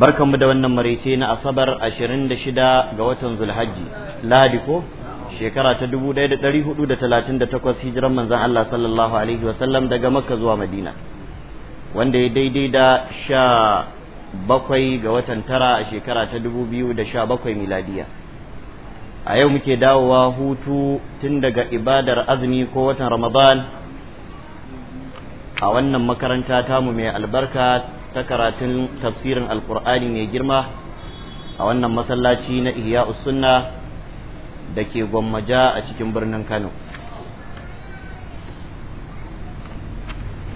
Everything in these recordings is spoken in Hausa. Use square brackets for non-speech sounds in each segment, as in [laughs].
mu da wannan maraice na asabar 26 ga watan zulhajji ladi ko shekara ta 1438 hijiran manzan Allah sallallahu alaihi wasallam daga makka zuwa madina wanda ya daidai da sha bakwai ga watan tara a shekara ta da 2017 miladiya a yau muke dawowa hutu tun daga ibadar azumi ko watan ramadan a wannan makaranta tamu mai albarka ta karatun tafsirin alkur'ani mai girma a wannan masallaci na ihya sunna da ke gwammaja a cikin birnin kano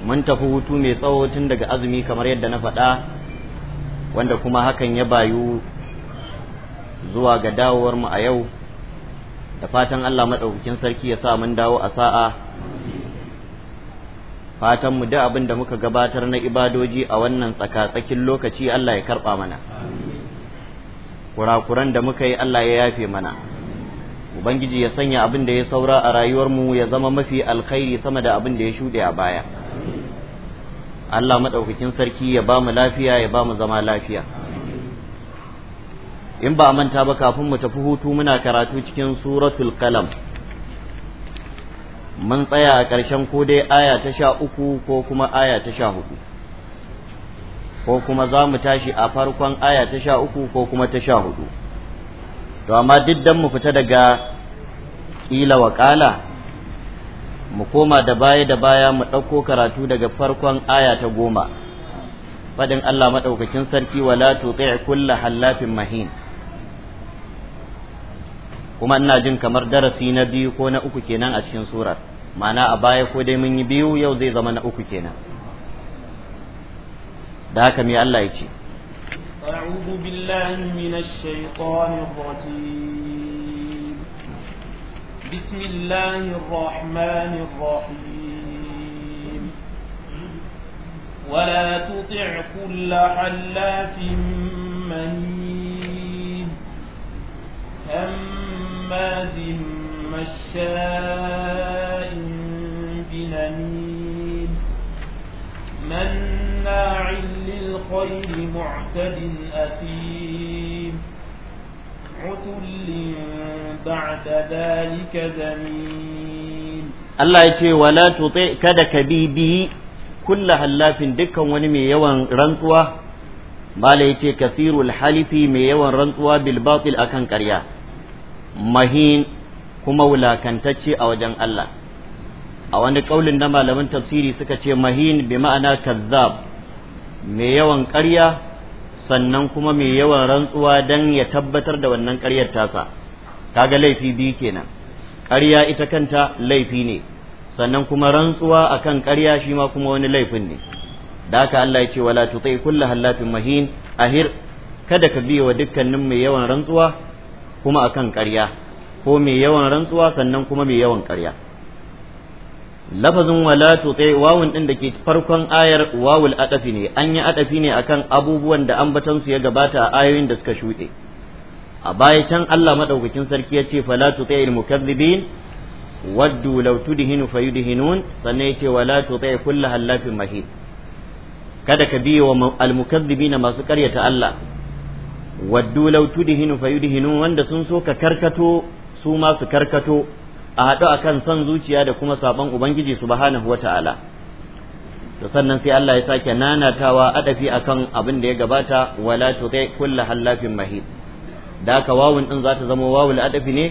mun tafi hutu mai tsawo tun daga azumi kamar yadda na faɗa wanda kuma hakan ya bayu zuwa ga dawowarmu a yau da fatan allah maɗaukakin sarki ya sa mun dawo a sa'a fatan mu da abin da muka gabatar na ibadoji a wannan tsakatsakin lokaci Allah ya karba mana kurakuran da muka yi Allah ya yafe mana ubangiji ya sanya abin da ya saura a rayuwar mu ya zama mafi alkhairi sama da abin da ya shuɗe a baya Allah maɗaukakin sarki ya ba mu lafiya ya ba mu zama lafiya in ba manta ba kafin mu tafi hutu muna karatu cikin suratul qalam mun tsaya a ƙarshen ko dai aya ta sha uku ko kuma aya ta sha hudu ko kuma za mu tashi a farkon aya ta sha uku ko kuma ta sha hudu to amma duk dan mu fita daga ƙila waƙala mu koma da baya da baya mu ɗauko karatu daga farkon aya ta goma faɗin Allah maɗaukakin sarki wala tuti' kulla hallafin mahin kuma ina jin kamar darasi na biyu ko na uku kenan a cikin surar ma'ana a baya ko dai mun yi biyu yau zai zama na uku kenan da haka me Allah ya ce أعوذ بالله من الشيطان الرجيم بسم الله الرحمن الرحيم ولا تطع كل حلاف هماز مشاء بنميم مناع للخير معتد أثيم عتل بعد ذلك زمين الله يقول ولا تطع كدك بيبي كل هلاف دكا ونمي يوان رنطوة ما لا يقول كثير الحلف مي يوان رنطوة بالباطل أكن كرياه mahin kuma wulakantacce a wajen Allah a wani kaulin na malamin tafsiri suka ce mahin bi ma'ana kazzab mai yawan ƙarya sannan kuma mai yawan rantsuwa dan ya tabbatar da wannan ƙaryar tasa kaga laifi biyu kenan ƙarya ita kanta laifi ne sannan kuma rantsuwa akan ƙarya shi ma kuma wani laifin ne da haka Allah ya ce wala tutai kullu hallafin mahin ahir kada ka biye wa dukkanin mai yawan rantsuwa kuma akan ƙarya ko mai yawan rantsuwa sannan kuma mai yawan ƙarya lafazin wala tuti wawun din da ke farkon ayar wawul adafi ne an yi adafi ne akan abubuwan da ambatan su ya gabata a ayoyin da suka shuɗe a baya can Allah madaukakin sarki ya ce fala tuti al mukazzibin waddu law tudhinu fayudhinun sannan ya ce wala tuti kullu halafin mahid kada ka biye wa al mukazzibina masu ƙaryata Allah waddu law tudhinu fayudhinu wanda sun so ka karkato su ma su karkato a haɗu akan son zuciya da kuma saban ubangiji subhanahu wata'ala to sannan sai Allah ya sake nanatawa adafi akan abin da ya gabata wala tuti kullu hallafin mahid da haka wawun din zata zama wawul adafi ne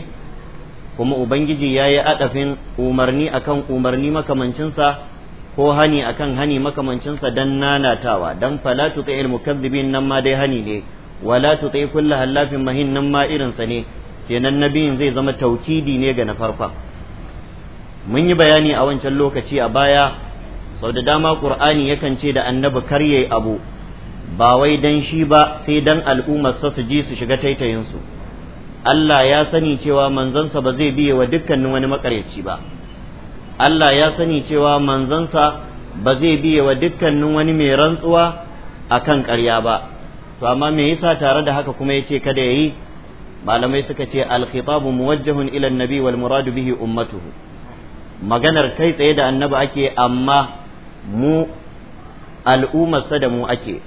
kuma ubangiji yayi adafin umarni akan umarni makamancinsa ko hani akan hani makamancinsa dan nanatawa dan fala tuti al mukazzibin nan ma dai hani ne wala tsaye kulla hallafin mahin nan ma irin ne kenan nabiyin zai zama taukidi ne ga na farkon mun yi bayani a wancan lokaci a baya sau da dama qur'ani yakan ce da annabi karye abu ba wai dan shi ba sai dan al'ummarsa su ji su shiga taitayinsu Allah ya sani cewa manzansa ba zai biye wa dukkanin wani makaryaci ba Allah ya sani cewa manzansa ba zai biye wa dukkanin wani mai rantsuwa akan ƙarya ba to amma me yasa tare da haka kuma yace kada yayi malamai suka ce al-khitabu muwajjahun ila an-nabi wal muradu bihi ummatuhu maganar kai tsaye da annabi ake amma mu al'ummarsa da mu ake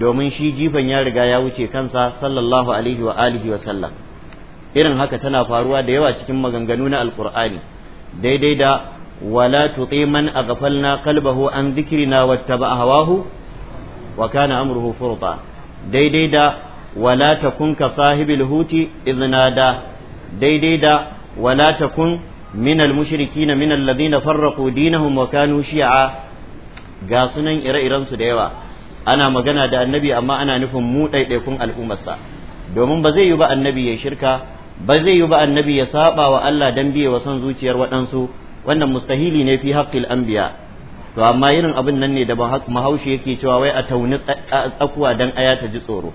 domin shi jifan ya riga ya wuce kansa sallallahu alaihi wa alihi wa sallam irin haka tana faruwa da yawa cikin maganganu na alqur'ani daidai da wala tuqi man aghfalna qalbahu an dhikrina wattaba hawahu wa kana amruhu furta daidai da wala kun ka sahibil huti iznada daidai da wala kun min al na min alladhina farraqu dinahum wa kanu shi'a ga sunan ire-iren su da yawa ana magana da annabi amma ana nufin mu ɗaiɗaikun al'ummarsa domin ba zai yi ba annabi ya shirka ba zai yi ba annabi ya saba wa Allah dan biye wa son zuciyar waɗansu wannan mustahili ne fi haqqil anbiya to amma irin abin nan ne da mahaushi yake cewa wai a tauni tsakuwa dan aya ta ji tsoro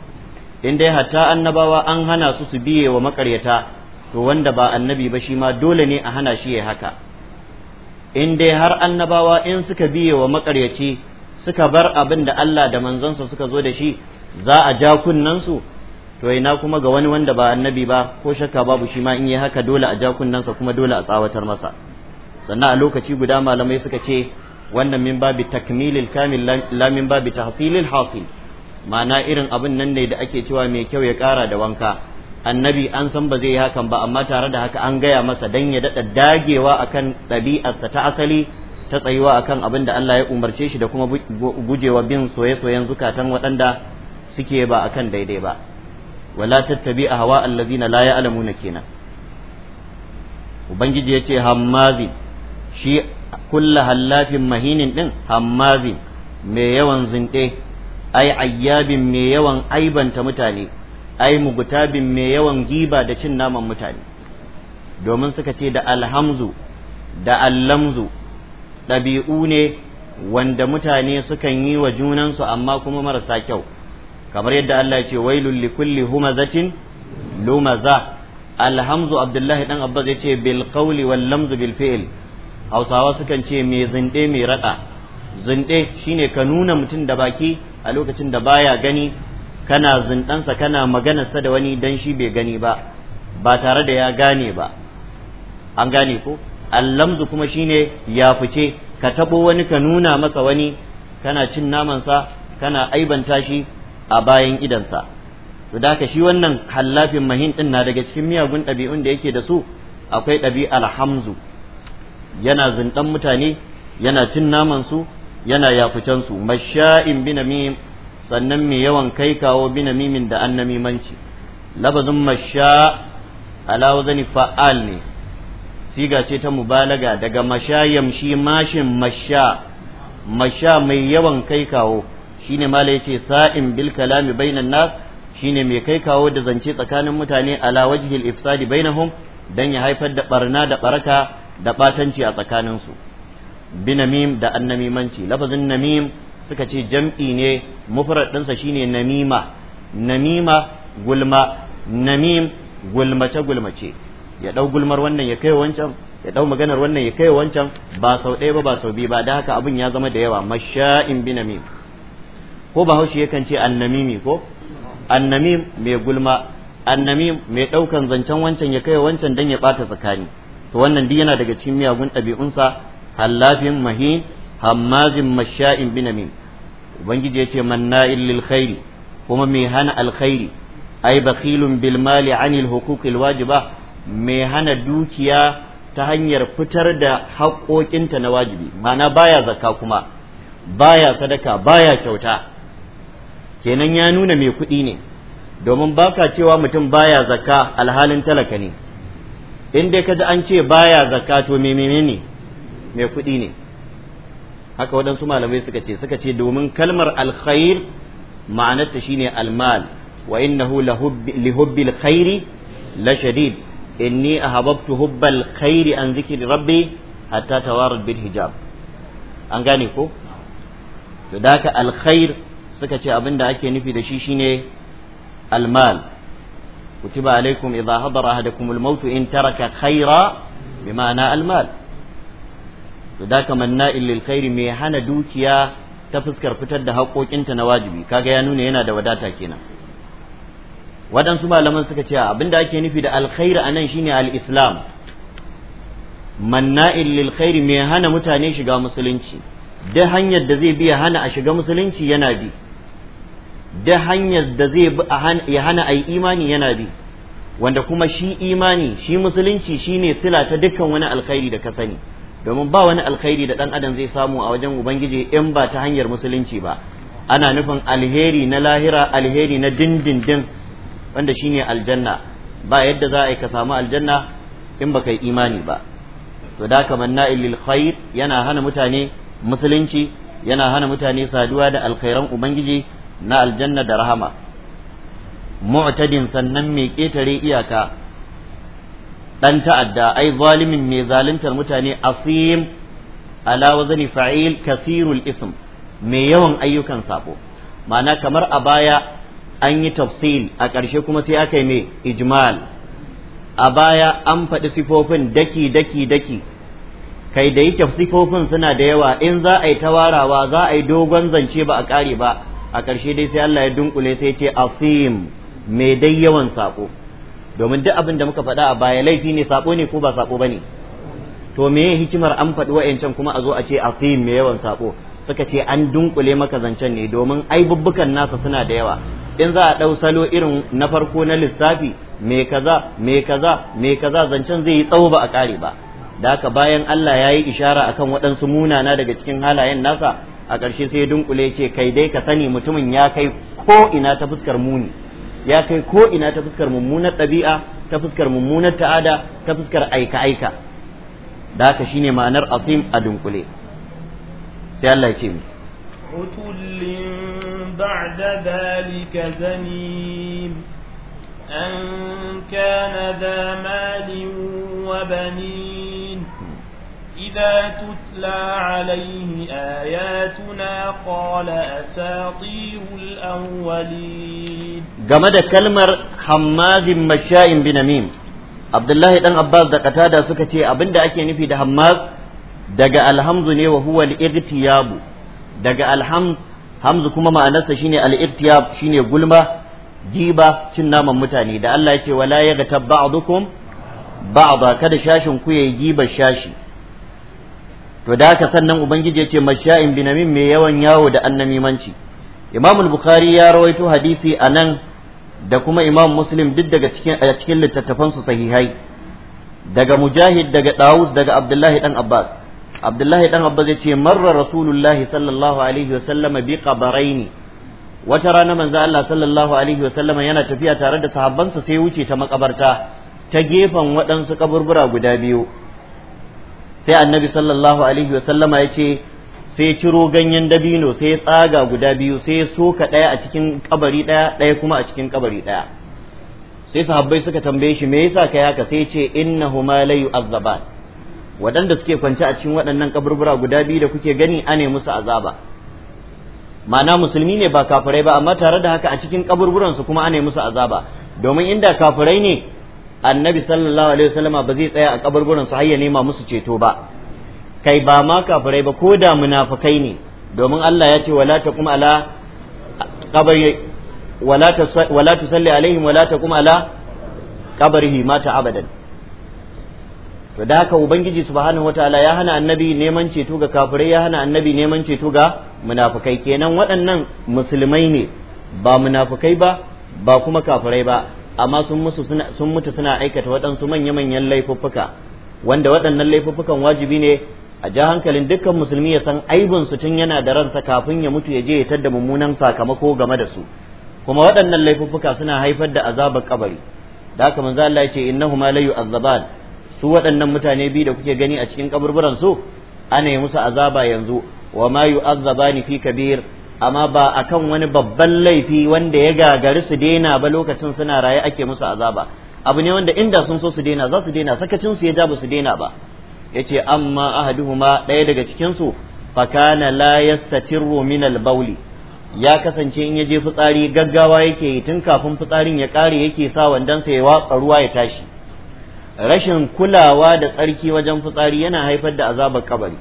in dai hatta annabawa an hana su su biye wa makaryata to wanda ba annabi ba shi ma dole ne a hana shi ya haka in dai har annabawa in suka biye wa makaryaci suka bar abin da Allah da manzansa suka zo da shi za a ja kunnansu to ina kuma ga wani wanda ba annabi ba ko shakka babu shi ma in yi haka dole a ja kunnansa kuma dole a tsawatar masa sannan a lokaci guda malamai suka ce wannan min babi takmilil kamil la min babi tahsilil hasil ma'ana irin abin nan ne da ake cewa mai kyau ya kara da wanka annabi an san ba zai yi hakan ba amma tare da haka an gaya masa dan ya dada dagewa akan ɗabi'arsa ta asali ta tsayuwa akan abin da Allah ya umarce shi da kuma gujewa bin soye-soyen zukatan waɗanda suke ba akan daidai ba wala tattabi a hawa allazina la ya'lamuna kenan ubangiji ya ce hammazi shi kulla hallafin mahinin din hammazin mai yawan zinɗe. ai ayyabin mai yawan aibanta mutane ai mugutabin mai yawan giba da cin naman mutane domin suka ce da alhamzu da allamzu ɗabi'u ne wanda mutane sukan yi wa junansu amma kuma marasa kyau kamar yadda Allah ya ce wailul likulli humazatin lumaza alhamzu abdullahi dan abbas yace bil qawli wal lamzu bil fi'l hausawa sukan ce mai zinde mai raɗa zinde shine ka nuna mutum da baki a lokacin da baya gani kana zindansa kana maganarsa da wani dan shi bai gani ba ba tare da ya gane ba an gane ko allamzu kuma shine ya fice ka taɓo wani ka nuna masa wani kana cin namansa kana aibanta shi a bayan idansa to da shi wannan hallafin mahin din na daga cikin miyagun ɗabi'un da yake da su akwai ɗabi'ar hamzu yana zindan mutane yana cin naman su yana yafucan su masha'in binamim sannan mai yawan kai kawo binamimin da annamimanci labazin masha ala wazani fa'al ne siga ce ta mubalaga daga masha yamshi mashin masha masha mai yawan kai kawo shine mala yace sa'in bil kalami bainan nas shine mai kai kawo da zance tsakanin mutane ala wajhil ifsadi bainahum dan ya haifar da barna da baraka da batanci a tsakaninsu binamim da annamimanci lafazin namim suka ce jam'i ne mufrad ɗinsa shine namima namima gulma namim gulmace gulmace ya ɗau gulmar wannan ya kai wancan ya ɗau maganar wannan ya kai wancan ba sau ɗaya ba ba sau biyu ba da haka abin ya zama da yawa masha'in binamim ko bahaushe yakan ce annamimi ko annamim mai gulma annamim mai ɗaukan zancen wancan ya kai wancan dan ya ɓata tsakani to wannan duk yana daga cikin miyagun ɗabi'unsa hallafin mahin hammazin masha'in binamin ubangiji yace manna'il lil khairi kuma mai hana alkhairi ai bakhilun bil mali anil huquqil wajiba mai hana dukiya ta hanyar fitar da haƙoƙinta na wajibi ma'ana baya zakka kuma baya sadaka baya kyauta kenan ya nuna mai kuɗi ne domin baka cewa mutum baya zakka alhalin talaka ne in dai kaji an ce baya zakato to me menene me kuɗi ne haka waɗansu malamai suka ce suka ce domin kalmar alkhair ma'anarta shine almal wa innahu li hubbi alkhairi la shadid inni ahabbtu hubbal khairi an zikri rabbi hatta tawarat bil hijab an gane ko to da alkhair suka ce abinda ake nufi da shi shine almal كتب عليكم إذا حضر أحدكم الموت إن ترك خيرا بمعنى المال ذاك مناء للخير dukiya ta تفسكر فتر ده حقوق انت نواجبي kaga ya nuna yana da wadata kenan waɗansu malaman suka ce da ake nufi da alkhair anan shine al'islam islam manna'il mai hana mutane shiga musulunci duk hanyar da zai biya hana a shiga musulunci yana bi da hanyar da zai bi ya hana a yi imani yana bi wanda kuma shi imani shi musulunci shi ne sila ta dukkan wani alkhairi da ka sani domin ba wani alkhairi da ɗan adam zai samu a wajen ubangiji in ba ta hanyar musulunci ba ana nufin alheri na lahira alheri na dindindin wanda ne aljanna ba yadda za a yi ka samu aljanna in baka yi imani ba to da haka manna lil yana hana mutane musulunci yana hana mutane saduwa da alkhairan ubangiji na aljanna da rahama mu'tadin sannan mai ƙetare iyaka ɗan ta'adda ai zalimin mai zaluntar mutane asim ala wazani fa'il kasirul ism mai yawan ayyukan sabo ma'ana kamar a baya an yi tafsil a ƙarshe kuma sai aka yi mai ijmal a baya an faɗi sifofin daki daki daki kai da yake sifofin suna da yawa in za a yi tawarawa za a yi dogon zance ba a ƙare ba a ƙarshe dai sai Allah ya dunkule sai ce asim mai dai yawan sako domin duk abin da muka faɗa a baya laifi ne sako ne ko ba sako ne to me hikimar an faɗi wa'ancan kuma a zo a ce asim mai yawan sako suka ce an dunkule maka zancen ne domin aibubbukan nasa suna da yawa in za a ɗau salo irin na farko na lissafi me kaza me kaza me kaza zancen zai yi tsawo ba a ƙare ba da haka bayan Allah ya yi ishara akan waɗansu munana daga cikin halayen nasa a ƙarshe sai dunkule ce kai dai ka sani mutumin ya kai ko ina ta fuskar muni ya kai ko ina ta fuskar mummunar ɗabi'a ta fuskar mummunar ta'ada ta fuskar aika aika da haka shine ma'anar asim a dunkule sai Allah ya ce mu بعد ذلك an أن كان ذا wa وبنين إذا تتلى عليه آياتنا قال أساطير الأولين جمد كلمة حماد مشاء بنميم عبد الله da katada suka ce abinda ake nufi da hammaz daga alhamzu ne wa huwa al-ightiyab daga alhamz kuma ma'anarsa shine al-ightiyab shine gulma jiba cin naman mutane da Allah ya ce wala yaghtab ba'dukum ba'da kada sashen ku yai gibar shashi to da haka sannan ubangiji yace masha'in binamin mai yawan yawo da annamimanci imam bukhari ya rawaito hadisi anan da kuma imam muslim duk daga cikin a cikin littattafan su sahihai daga mujahid daga dawus daga abdullahi dan abbas abdullahi dan abbas yace marra rasulullahi sallallahu alaihi wa sallama bi qabraini wata rana manzo Allah sallallahu alaihi wa sallama yana tafiya tare da sa sai wuce ta makabarta ta gefen waɗansu kaburbura guda biyu sai annabi sallallahu alaihi wa sallama ya ce sai ciro ganyen dabino sai tsaga guda biyu sai ya soka ɗaya a cikin kabari ɗaya ɗaya kuma a cikin kabari ɗaya sai sahabbai suka tambaye shi me yasa kai haka sai ya ce ma la yu'azzaban waɗanda suke kwance a cikin waɗannan kaburbura guda biyu da kuke gani ane musu azaba ma'ana musulmi ne ba kafirai ba amma tare da haka a cikin kaburburan su kuma ane musu azaba domin inda kafirai ne annabi sallallahu alaihi wasallam ba zai tsaya a kaburburan su hayya nema musu ceto ba kai ba ma kafirai ba ko da munafikai ne domin Allah ya ce wala taqum ala qabri wala wala tusalli alaihim wala taqum ala qabrihi mata abadan to da haka ubangiji subhanahu wataala ya hana annabi neman ceto ga kafirai ya hana annabi neman ceto ga munafikai kenan waɗannan musulmai ne ba munafikai ba ba kuma kafirai ba amma sun musu sun mutu suna aikata waɗansu manya-manyan laifuffuka wanda waɗannan laifuffukan wajibi ne a ja hankalin dukkan musulmi ya san aibin su tun yana da ransa kafin ya mutu ya je ya tada mummunan sakamako game da su kuma waɗannan laifuffuka suna haifar da azabar kabari da haka manzo Allah ya ce innahuma la yu'azzaban su waɗannan mutane biyu da kuke gani a cikin kaburburan su ana yi musu azaba yanzu wa ma yu'azzabani fi kabir amma ba akan wani babban laifi wanda ya gagari su daina ba lokacin suna raye ake musu azaba abu ne wanda inda sun so su daina za su daina sakacin su ya ja su daina ba yace amma ahaduhuma ɗaya daga cikin su fakana la yastatiru min al ya kasance in yaje je fitsari gaggawa yake yi tun kafin fitsarin ya kare yake sa sa ya watsa ruwa ya tashi rashin kulawa da tsarki wajen fitsari yana haifar da azabar kabari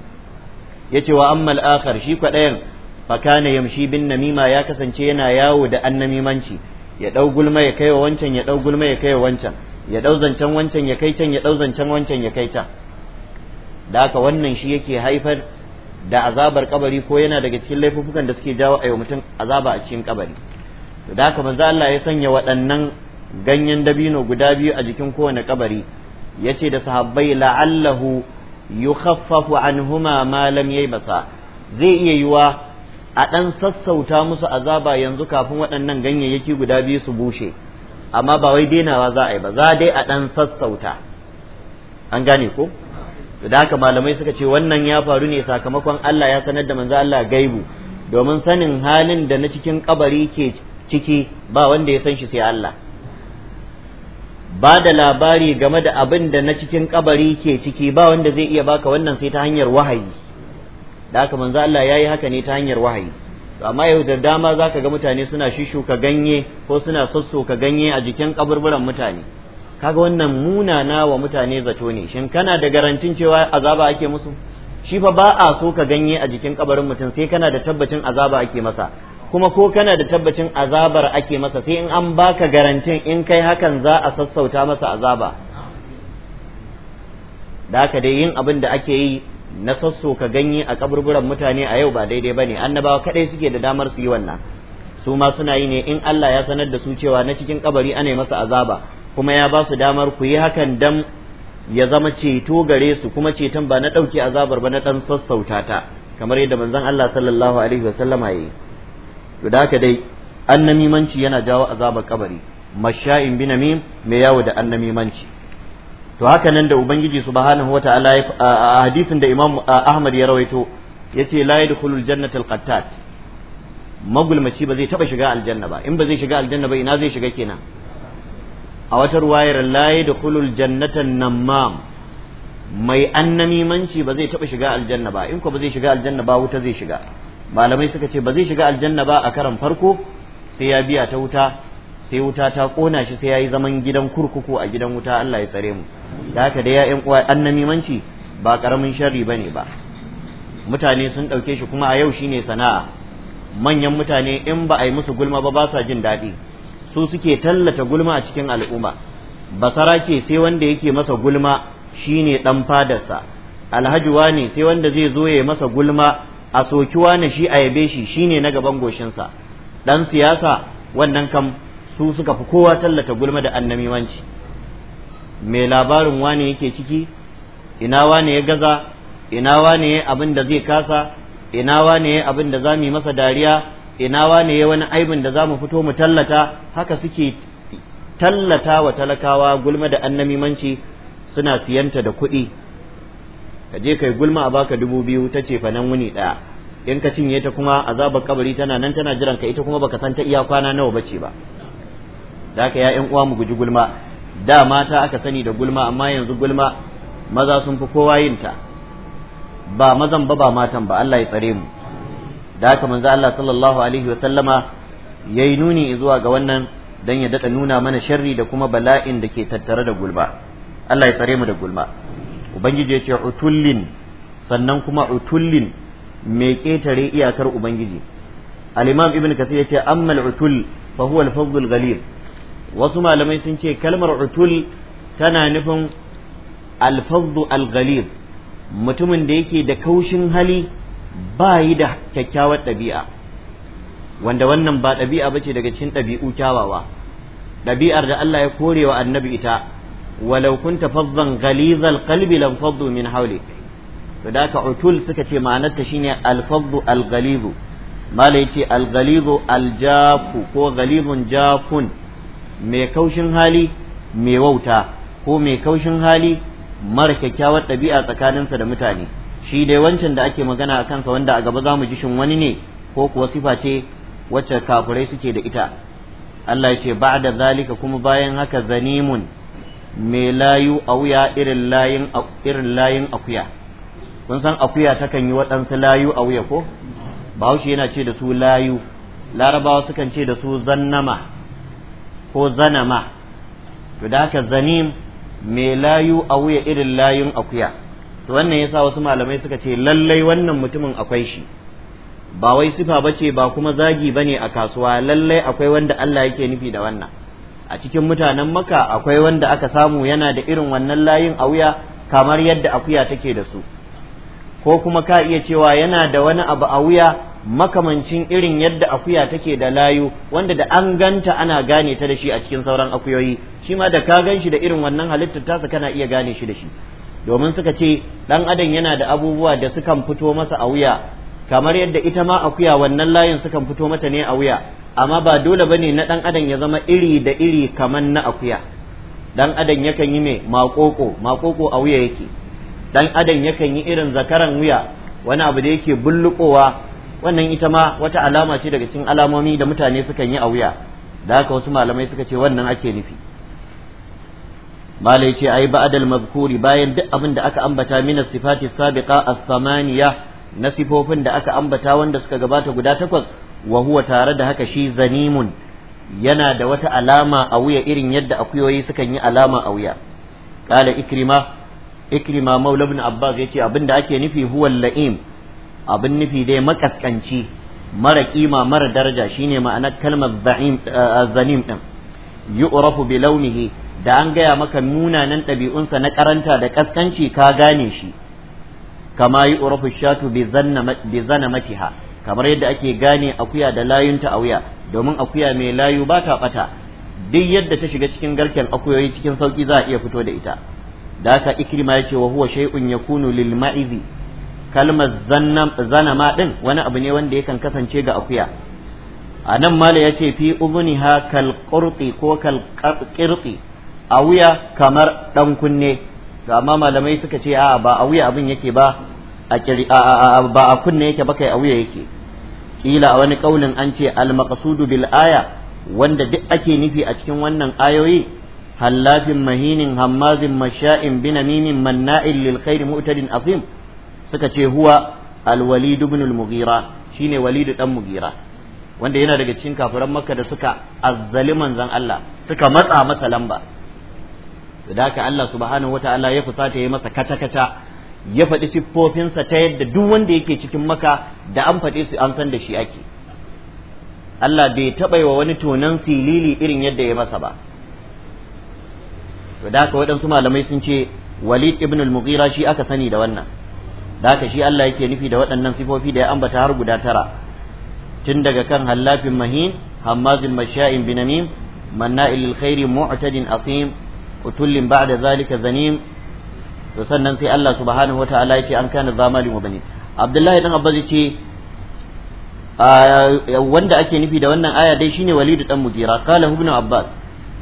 yace wa ammal akhar shi kwaɗayan fakana yamshi bin namima ya kasance yana yawo da annamimanci ya dau gulma ya kai wa wancan ya dau gulma ya kai wa wancan ya dau zancan wancan ya kai can ya dau zancan wancan ya kai can da haka wannan shi yake haifar da azabar kabari ko yana daga cikin laifukan da suke jawo a mutum azaba a cikin kabari to da haka manzo Allah ya sanya waɗannan ganyen dabino guda biyu a jikin kowane kabari yace da sahabbai la'allahu yukhaffafu anhuma ma lam yaybasa zai iya yiwa a ɗan sassauta musu azaba yanzu kafin waɗannan ganyayyaki guda biyu su bushe amma ba wai denawa za a yi ba za dai a ɗan sassauta an gane ko da haka malamai suka ce wannan ya faru ne sakamakon Allah ya sanar da manzo Allah gaibu domin sanin halin da na cikin kabari ke ciki ba wanda ya san shi sai Allah ba da labari game da abin da na cikin kabari ke ciki ba wanda zai iya baka wannan sai ta hanyar wahayi da haka manzo Allah ya yi haka ne ta hanyar wahayi amma yau da dama za ka ga mutane suna ka ganye ko suna sassoka ganye a jikin kaburburan mutane kaga wannan munana wa mutane zato ne shin kana da garantin cewa azaba ake musu shi fa ba a so ka ganye a jikin kabarin mutum sai kana da tabbacin azaba ake masa kuma ko kana da tabbacin azabar ake masa sai in an baka garantin in kai hakan za a sassauta masa azaba da haka dai yin abin da ake yi na ka ganye a kaburburan mutane a yau ba daidai ba ne annabawa kaɗai suke da damar su yi wannan su ma suna yi ne in Allah ya sanar da su cewa na cikin kabari ana masa azaba kuma ya ba su damar ku yi hakan dan ya zama ceto gare su kuma ceton ba na ɗauke azabar ba na ɗan sassauta ta kamar yadda manzon Allah sallallahu alaihi wa sallama yayi to da haka dai annamimanci yana jawo azabar kabari masha'in binamim mai yawo da annamimanci to haka nan da ubangiji subhanahu wata'ala a hadisin da imam ahmad ya rawaito yace la yadkhulul jannatal qattat magulmaci ba zai taba shiga aljanna ba in ba zai shiga aljanna ba ina zai shiga kenan a wata ruwayar la yadkhulul jannatan namam mai annamimanci ba zai taba shiga aljanna ba in ko ba zai shiga aljanna ba wuta zai shiga malamai suka ce ba zai shiga aljanna ba a karan farko sai ya biya ta wuta sai wuta ta kona shi sai yayi zaman gidan kurkuku a gidan wuta Allah ya tsare mu da haka da ya'yan uwa annamimanci ba karamin sharri bane ba mutane sun dauke shi kuma a yau shine sana'a manyan mutane in ba a yi musu gulma ba ba sa jin daɗi su suke tallata gulma a cikin al'umma basara ke sai wanda yake masa gulma shine dan fadarsa alhaji ne sai wanda zai zo ya masa gulma a soki wani shi a yabe shi shine na gaban goshinsa dan siyasa wannan kam su suka fi kowa tallata gulma da annamimanci mai labarin wane yake ciki ina wane ya gaza ina wane ya abin da zai kasa ina wane ya abin da za mu yi masa dariya ina wane ya wani aibin da za mu fito mu tallata haka suke tallata wa talakawa gulma da manci suna siyanta da kuɗi ka je kai gulma a baka dubu biyu ta ce fa nan wuni ɗaya in ka cinye ta kuma azabar kabari tana nan tana jiran ka ita kuma baka san ta iya kwana nawa bace ba da haka ya ƴan uwa mu guji gulma da mata aka sani da gulma amma yanzu gulma maza sun fi kowa yinta ba mazan ba ba matan ba Allah ya tsare mu da haka manzo Allah sallallahu alaihi wa sallama yayi nuni zuwa ga wannan dan ya daɗa nuna mana sharri da kuma bala'in da ke tattare da gulma Allah ya tsare mu da gulma ubangiji ya ce utullin sannan kuma utullin mai ketare iyakar ubangiji al-imam ibn kasir ya ce ammal utul fa huwa al-fadl ghalib wasu malamai sun ce kalmar utul tana nufin alfazdu alghalib mutumin da yake da kaushin hali ba yi da kyakkyawar ɗabi'a wanda wannan ba ɗabi'a bace daga cikin ɗabi'u kyawawa ɗabi'ar da Allah ya kore wa annabi ita walau kunta fazzan ghalizal qalbi lam min hawlik to da ka utul suka ce ma'anarta shine alfaddu alghalizu mala yace alghalizu aljafu ko ghalizun jafun mai kaushin hali mai wauta ko mai kaushin hali mara kyakkyawar ɗabi'a tsakaninsa da mutane shi dai wancan da ake magana a kansa wanda a gaba za mu ji shin wani ne ko kuwa sifa ce wacce kafurai suke da ita Allah ya ce da zalika kuma bayan haka zanimun mai layu a wuya irin layin irin layin akuya kun san akuya takan yi waɗansu layu a wuya ko bahaushe yana ce da su layu larabawa sukan ce da su zannama ko zanama to da haka zanim mai layu a wuya irin layun akuya to wannan yasa wasu malamai suka ce lallai wannan mutumin akwai shi ba wai sifa bace ba kuma zagi ba ne a kasuwa lallai akwai wanda Allah yake nufi da wannan a cikin mutanen maka akwai wanda aka samu yana da irin wannan layin a wuya kamar yadda akuya take da su ko kuma ka iya cewa yana da wani abu a wuya makamancin irin yadda akuya take da layu wanda da an ganta ana gane ta da shi a cikin sauran akuyoyi shi ma da ka gan shi da irin wannan halittar tasa kana iya gane shi da shi domin suka ce dan adam yana da abubuwa da sukan fito masa a wuya kamar yadda ita ma akuya wannan layin sukan fito mata ne a wuya amma ba dole bane na dan adam ya zama iri da iri kamar na akuya dan adam yakan yi me makoko makoko a wuya yake dan adam yakan yi irin zakaran wuya wani abu da yake bullukowa wannan ita ma wata alama ce daga cikin alamomi da mutane sukan yi a wuya da haka wasu malamai suka ce wannan ake nufi malai ce ai ba'dal mazkuri bayan duk abin da aka ambata min sifati sabiqa as-samaniya na sifofin da aka ambata wanda suka gabata guda takwas wa huwa tare da haka shi zanimun yana da wata alama a wuya irin yadda akuyoyi sukan yi alama a wuya kala ikrima ikrima maula abbas yace abin da ake nufi huwa la'im abin nufi dai makaskanci mara kima mara daraja shine ma'anar kalmar eh, zanim din yu'rafu bi launihi da an gaya maka munanan ɗabi'unsa na karanta da kaskanci ka gane shi kama yu'rafu shatu bi matiha kamar yadda ake gane akuya da layunta a wuya domin akuya mai layu ba ta bata duk yadda ta shiga cikin garken akuyoyi cikin sauki za a iya fito da ita da haka ikrima ya ce wa huwa shay'un yakunu lil ma'izi kalmar zanama din wani abu ne wanda yakan kasance ga akuya a nan mala ya ce fi ha kalqurti ko kalqirti a wuya kamar dan kunne to amma malamai suka ce a'a ba a wuya abin yake ba a ba a kunne yake ba kai a wuya yake kila a wani kaulin an ce al maqsudu bil aya wanda duk ake nufi a cikin wannan ayoyi hallafin mahinin hammazin masha'in binamimin manna'in lil khairi mu'tadin azim suka ce huwa al-walid ibn al-mughira shine walid dan mughira wanda yana daga cikin kafiran makka da suka azzali zan Allah suka matsa masa lamba da haka Allah subhanahu wataala ya fusata ya masa kaca kaca ya faɗi siffofinsa ta yadda duk wanda yake cikin maka da an faɗe su an san da shi ake Allah bai taɓa wa wani tonan silili irin yadda ya masa ba to haka waɗansu malamai sun ce Walid ibn al-Mughira shi aka sani da wannan da haka shi Allah yake nufi da waɗannan sifofi da ya ambata har guda tara tun daga kan hallafin mahin hammazin masha'in binamim manna'il khairi mu'tadin asim utullin ba'da zalika zanim to sannan sai Allah subhanahu wata'ala yace an kana zamali wa bani Abdullahi dan Abbas yace wanda ake nufi da wannan aya dai shine Walid dan mujira qala ibn Abbas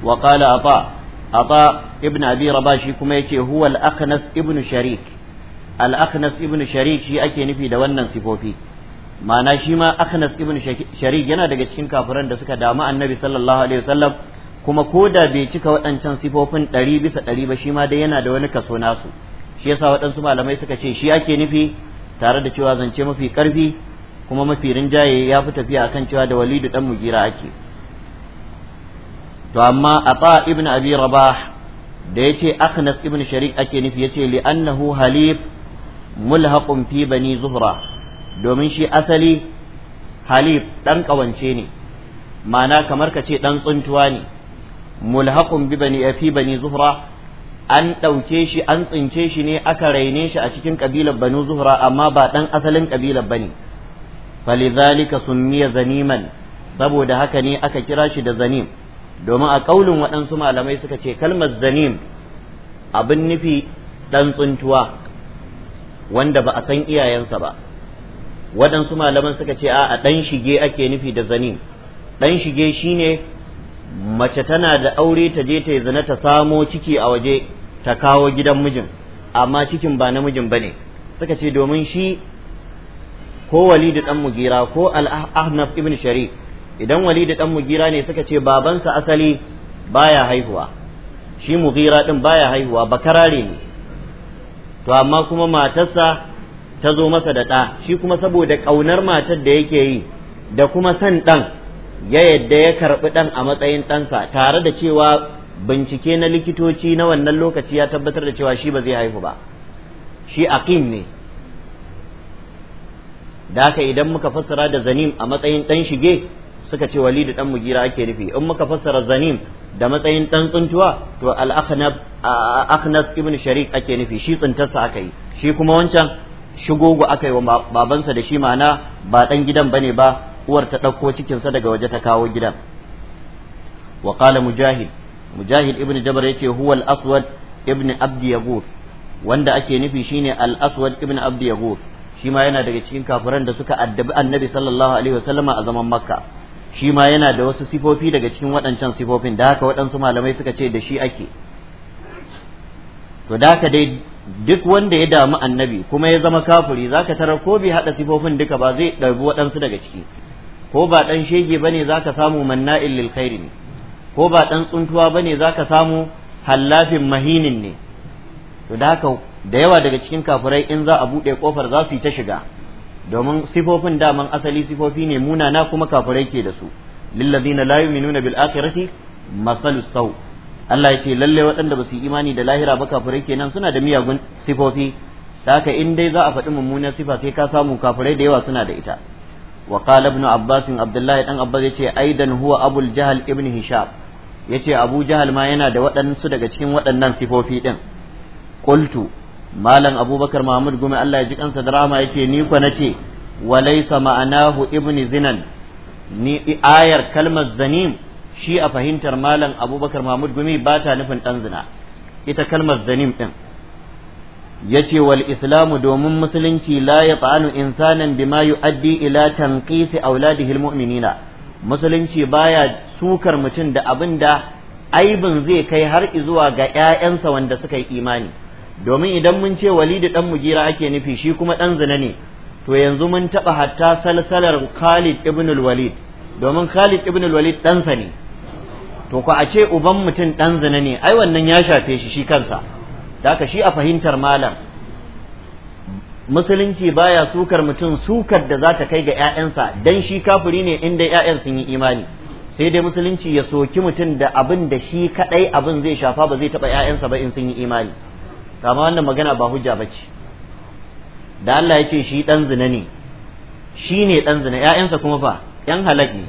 wa qala Ata Ata ibn Abi Rabah shi kuma yace huwa al-Aqnas ibn Sharik al aknas ibn sharik shi ake nufi da wannan sifofi ma'ana shi ma aknas ibn sharik yana daga cikin kafiran da suka damu annabi sallallahu alaihi wasallam kuma ko da bai cika waɗancan sifofin ɗari bisa ɗari ba shi ma dai yana da wani kaso nasu shi yasa waɗansu malamai suka ce shi ake nufi tare da cewa zance mafi ƙarfi kuma mafi rinjaye ya fi tafiya akan cewa da walidu ɗan mugira ake to amma ata ibn abi rabah da yace akhnas ibn sharik ake nufi yace li annahu halif mulhaqun fi bani zuhra domin shi asali halif dan kawance ne ma'ana kamar ka ce dan tsuntuwa ne mulhaqun bi bani eh, fi bani zuhra an ɗauke shi an tsince shi ne aka raine shi a cikin ƙabilar banu zuhra amma ba ɗan asalin ƙabilar bane falidhalika summiya zaniman saboda haka ne aka kira shi da zanim domin a ƙaulin waɗansu malamai suka ce kalmar zanim abin nufi ɗan tsuntuwa wanda ba a san iyayensa ba waɗansu malaman suka ce a ɗan shige ake nufi da zani ɗan shige shine mace tana da aure ta je ta yi zina ta samo ciki a waje ta kawo gidan mijin amma cikin ba namijin ba ne suka ce domin shi ko walidu ɗan mugira ko al-ahnaf ibn sharif idan walidu ɗan mugira ne suka ce babansa asali baya haihuwa shi mugira ɗin baya haihuwa bakarare ne to amma kuma matarsa ta zo masa da ɗa shi kuma saboda ƙaunar matar da yake yi da kuma san ɗan ya yadda ya karɓi ɗan a matsayin ɗansa tare da cewa bincike na likitoci na wannan lokaci ya tabbatar da cewa shi ba zai haihu ba shi aqim ne da haka idan muka fassara da zanim a matsayin ɗan shige suka ce walidu dan mugira ake nufi in muka fassara zanim da matsayin dan tsuntuwa to al akhnaf ibn sharik ake nufi shi tsintarsa aka yi shi kuma wancan shigogo aka yi wa babansa da shi ma'ana ba dan gidan bane ba uwar ta ɗauko cikinsa daga waje ta kawo gidan wa qala mujahid mujahid ibn jabar yace huwa al aswad ibn abdi yaghuth wanda ake nufi shine al aswad ibn abdi yaghuth shi ma yana daga cikin kafiran da suka addabi annabi sallallahu alaihi wasallama a zaman makka shi ma yana da wasu sifofi daga cikin waɗancan sifofin da haka waɗansu malamai suka ce da shi ake to da haka dai duk wanda ya damu annabi kuma ya zama kafuri za ka tarar ko bai haɗa sifofin duka ba zai ɗarbi waɗansu daga ciki ko ba ɗan shege ba ne za ka samu manna'in lil ne ko ba ɗan tsuntuwa ba ne za ka samu hallafin mahinin ne to da haka da yawa daga cikin kafurai in za a buɗe kofar za su yi ta shiga domin sifofin daman asali sifofi ne muna na kuma kafirai ke da su lillazina la yu'minuna bil akhirati masalu saw Allah ya ce lalle waɗanda ba su imani da lahira ba kafirai kenan suna da miyagun sifofi haka in dai za a faɗi mummunar sifa sai ka samu kafirai da yawa suna da ita wa qala ibn abbas abdullahi dan abbas yace aidan huwa abul jahal ibn hisham yace abu jahl ma yana da waɗansu daga cikin waɗannan sifofi din qultu malam abubakar mahmud gumi allah ya ji kansa da rama ya ce ni kwa na ce walaisa ma'anahu ibni zinan ni ayar kalmar zanim shi a fahimtar malam abubakar mahmud gumi ba ta nufin ɗan zina ita kalmar zanim ɗin ya ce wal islamu domin musulunci la ya fa'anu insanan bima yu'addi ila tanqisi auladihil mu'minina musulunci baya sukar mutum da abin da aibin zai kai har zuwa ga ‘ya'yansa wanda suka yi imani domin idan mun ce walidi dan mugira ake nufi shi kuma dan zina ne to yanzu mun taba hatta salsalar Khalid ibn al-Walid domin Khalid ibn al-Walid dan sa ne to ko a ce uban mutum dan zina ne ai wannan ya shafe shi shi kansa haka shi a fahimtar malam musulunci baya sukar mutum sukar da za ta kai ga 'ya'yansa dan shi kafiri ne inda 'ya'yan sun yi imani sai dai musulunci ya soki mutum da abin da shi kadai abin zai shafa ba zai taba 'ya'yansa ba in sun yi imani amma wannan magana ba hujja ba ce da Allah ya ce shi ɗan zina ne shi ne ɗan zina ‘ya’yansa kuma ba ‘yan halaƙi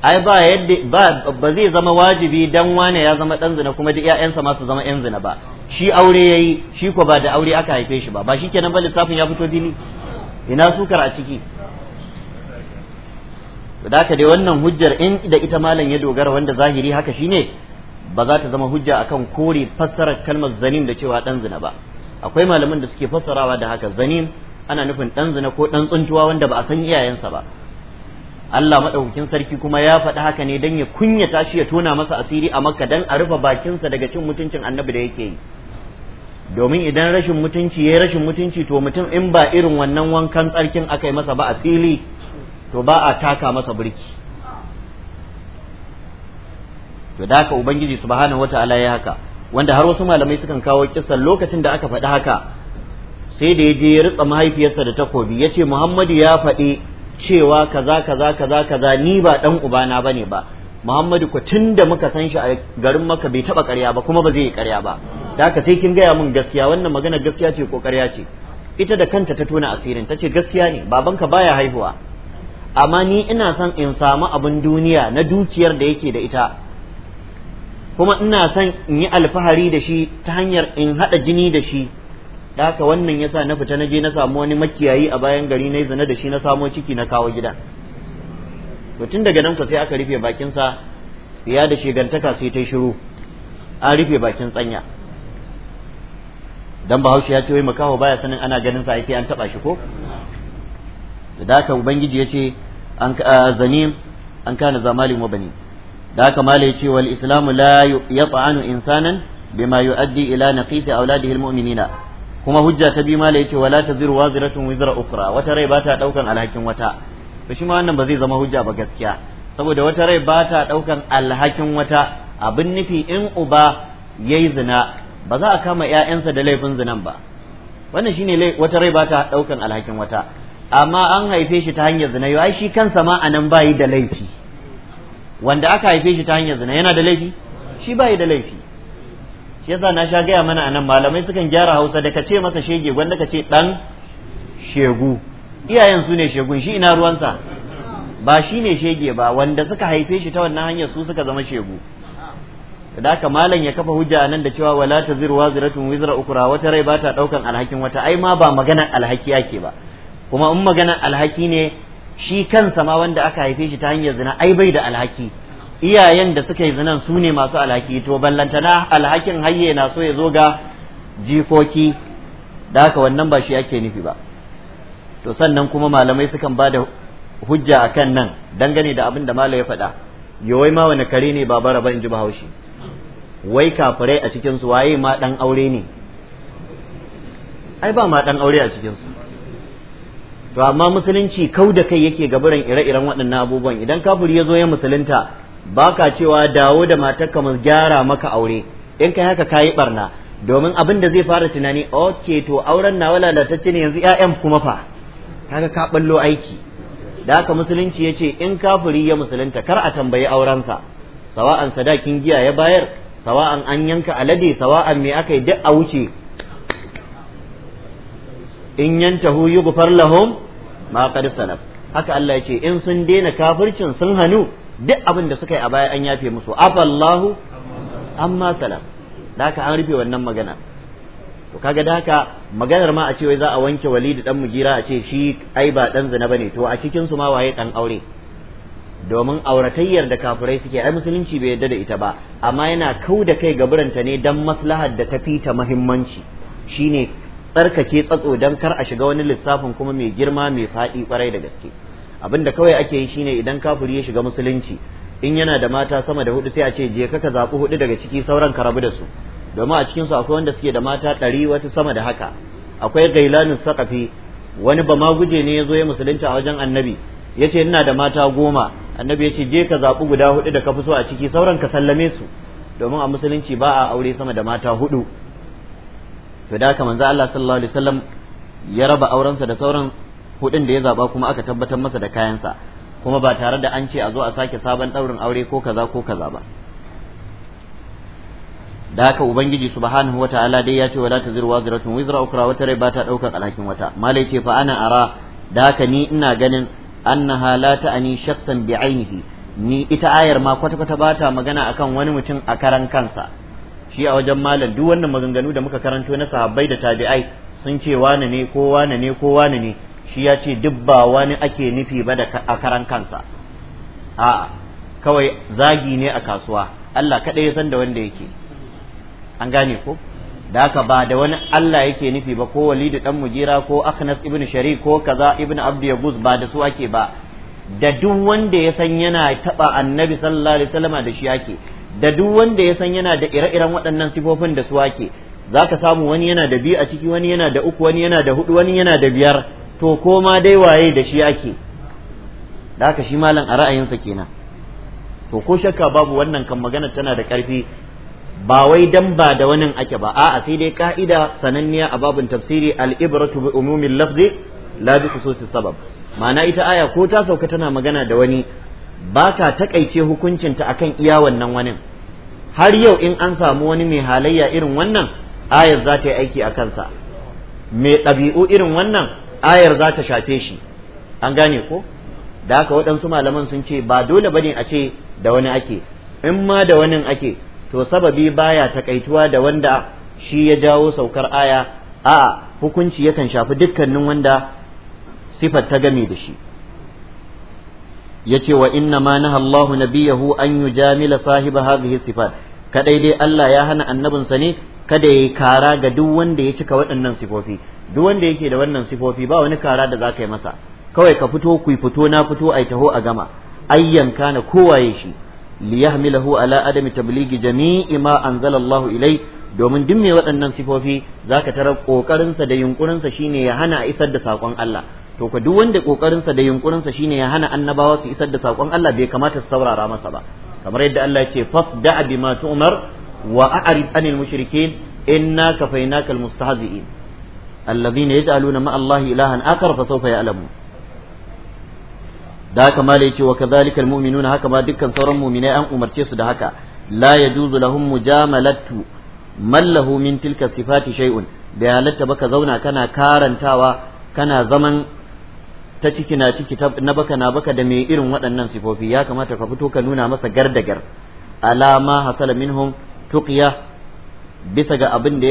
ai ba yadda ba ba zai zama wajibi dan wane ya zama ɗan zina kuma duk yayansa masu zama yan zina ba shi aure yi shi ko ba da aure aka haife shi ba ba kenan ba lissafin ya fito dini ina sukar a ciki da haka dai wannan hujjar in da ita malam ya dogara wanda zahiri haka shine ba za ta zama hujja akan kore fassarar kalmar zanin da cewa dan zina ba akwai malaman da suke fassarawa da haka zanin ana nufin dan zina ko dan tsuntuwa wanda ba a san iyayensa ba Allah madaukakin sarki kuma ya faɗi haka ne dan ya kunyata shi ya tona masa asiri a makka dan a rufe bakinsa daga cin mutuncin annabi da yake yi domin idan rashin mutunci ya rashin mutunci to mutum in ba irin wannan wankan tsarkin aka yi masa ba a fili to ba a taka masa birki to da haka ubangiji subhanahu wataala ya haka wanda har wasu malamai sukan kawo kissan lokacin da aka faɗi haka sai da ya je ya ritsa mahaifiyarsa da takobi ya ce muhammadu ya faɗi cewa kaza kaza kaza kaza ni ba dan ubana bane ba muhammadu ko tun da muka san shi a garin maka bai taba karya ba kuma ba zai yi karya ba da haka sai kin gaya mun gaskiya wannan magana gaskiya ce ko karya ce ita da kanta ta tona asirin ta ce gaskiya ne babanka baya haihuwa amma ni ina son in samu abin duniya na dukiyar da yake da ita kuma ina son in yi alfahari da shi ta hanyar in haɗa jini da shi da haka wannan yasa na fita na je na samu wani makiyayi a bayan gari na zina da shi na samo ciki na kawo gida to tun daga nan ka sai aka rufe bakinsa siya da shigantaka sai ta shiru an rufe bakin tsanya dan bahaushe ya ce wai makaho baya sanin ana ganin sa sai an taba shi ko da haka ubangiji ya ce an zanim an kana zamalin wa bani da haka malai ce wal islamu la fa'anu insanan bima yu'addi ila naqisi auladihi almu'minina kuma hujja ta bi malai ce wala taziru waziratun wizra ukra wata rai bata daukan alhakin wata to shi ma wannan ba zai zama hujja ba gaskiya saboda wata rai bata daukan alhakin wata abin nufi in uba yayi zina ba za a kama ƴaƴansa da laifin zinan ba wannan shine wata rai bata daukan alhakin wata amma an haife shi ta hanyar zina yau ai shi kansa ma anan bayi da laifi wanda aka haife shi ta hanyar zina yana da laifi shi bai da laifi shi yasa na sha gaya mana anan malamai sukan gyara hausa da ka ce masa shege gwanda ka ce dan shegu iyayen su ne shegun shi ina ruwansa ba shi ne shege ba wanda suka haife shi ta wannan hanyar su suka zama shegu da haka malam ya kafa hujja nan da cewa wala taziru waziratun wizra ukra wata rai bata daukan alhakin wata ai ma ba maganar alhaki yake ba kuma in maganar alhaki ne shi kansa ma wanda aka haife shi ta hanyar zina ai bai da alhaki iyayen da suka yi zinan su ne masu alhaki to ballantana alhakin hayye na so ya zo ga jikoki da haka wannan ba shi ake nufi ba to sannan kuma malamai sukan ba da hujja a kan nan dangane da abin da malo ya faɗa yawai ma wani kare ne ba ba in ji bahaushe wai kafirai a cikinsu waye ma ɗan aure ne ai ba ma ɗan aure a cikinsu to amma musulunci kau da kai yake gaburan ire-iren waɗannan abubuwan idan kafiri ya zo ya musulunta baka cewa dawo da matarka mu gyara maka aure in kai haka kayi barna domin abin da zai fara tunani ok to auren na lalatacce ne yanzu 'ya'yan kuma fa kaga ka ballo aiki da haka musulunci ya ce in kafiri ya musulunta kar a tambayi aurensa sawa'an sadakin giya ya bayar sawa'an an yanka alade sawa'an me aka yi duk a wuce in yantahu yughfar lahum ma qad haka Allah ce in sun daina kafircin sun hanu duk abin da suka yi a baya an yafe musu afallahu amma salam da haka an rufe wannan magana to kaga da haka maganar ma a ce wai za a wanke walidi dan mujira a ce shi ai ba dan zina bane to a cikin su ma waye dan aure domin auratayyar da kafirai suke ai musulunci bai yarda da ita ba amma yana kau da kai gaburanta ne dan maslahar da ta fita muhimmanci shine tsarkake tsatso don kar a shiga wani lissafin kuma mai girma mai faɗi kwarai da gaske abin da kawai ake yi shine idan kafiri ya shiga musulunci in yana da mata sama da hudu sai a ce je ka ka zaɓi hudu daga ciki sauran ka rabu da su domin a cikinsu akwai wanda suke da mata ɗari wata sama da haka akwai gailanin sakafi wani ba ma guje ne ya zo ya musulunci a wajen annabi ya ce ina da mata goma annabi ya ce je ka zaɓi guda hudu da ka fi so a ciki sauran ka sallame su domin a musulunci ba a aure sama da mata hudu to da haka manzo Allah sallallahu alaihi wasallam ya raba aurensa da sauran hudin da ya zaba kuma aka tabbatar masa da kayansa kuma ba tare da an ce a zo a sake sabon daurin aure ko kaza ko kaza ba da haka ubangiji subhanahu wataala dai ya ce wala taziru waziratun wizra ukra wata rai bata daukar alhakin wata malai ce fa ana ara da haka ni ina ganin annaha la ta'ani shakhsan bi'ainihi ni ita ayar ma kwata kwata bata magana akan wani mutum a karan kansa shi a wajen malam duk wannan maganganu da muka karanto na sahabbai da tabi'ai sun ce wane ne ko wane ne ko wane ne shi ya ce duk ba wani ake nufi ba da a karan kansa a kawai zagi ne a kasuwa Allah kaɗai ya san da wanda yake an gane ko da haka ba da wani Allah yake nufi ba ko Walidu dan Mujira ko Aknas ibn Shari ko kaza ibn Abd Yaguz ba da su ake ba da duk wanda ya san yana taba Annabi sallallahu alaihi wasallama da shi yake da duk wanda ya san yana da ire-iren waɗannan sifofin da su wake za ka samu wani yana da biyu a ciki wani yana da uku wani yana da hudu wani yana da biyar to koma dai waye da shi ake da haka shi malam a ra'ayinsa kenan to ko shakka babu wannan kan magana tana da ƙarfi ba wai dan ba da wani ake ba a'a sai dai ka'ida sananniya a babin tafsiri al-ibratu bi umumil lafzi la bi khususis sabab ma'ana ita aya ko ta sauka tana magana da wani ba ta takaice hukuncinta akan iya wannan wani har yau in an samu wani mai halayya irin wannan ayar za ta yi aiki a kansa mai ɗabi'u irin wannan ayar za ta shafe shi an gane ko da haka waɗansu malaman sun ce ba dole bane a ce da wani ake in ma da wani ake to sababi baya takaituwa da wanda shi ya jawo saukar aya a hukunci yakan shafi dukkanin wanda sifar ta gami da shi yace wa inna ma nahallahu nabiyahu an yujamila sahiba hadhihi sifat kadai dai Allah ya hana annabin sa ne kada ya yi kara ga duk wanda ya cika waɗannan sifofi duk wanda yake da wannan sifofi ba wani kara da za ka yi masa kawai ka fito ku fito na fito ai taho a gama ayyan kana kowaye shi yahmilahu ala adami tabligi jami'i ma anzalallahu ilai domin duk mai waɗannan sifofi zaka tarar ƙoƙarinsa da yunkurinsa shine ya hana isar da sakon Allah to ka duk wanda kokarinsa da yunkurinsa shine ya hana annabawa su isar da sakon Allah bai kamata su saurara masa ba kamar yadda Allah ya ce fasda bima tu'mar wa a'rid anil mushrikin inna kafaynaka almustahzi'in alladhina yaj'aluna ma Allah ilahan akar fa sawfa ya'lamu da haka ma ce wa kadhalika haka ma dukkan sauran mu'minai an umarce su da haka la yajuzu lahum mujamalatu man lahu min tilka sifati shay'un bai halatta baka zauna kana karantawa kana zaman ta ciki na ciki na baka na baka da mai irin waɗannan sifofi ya kamata ka fito ka nuna masa gar da gar alama hasala minhum tuqiya bisa ga abin da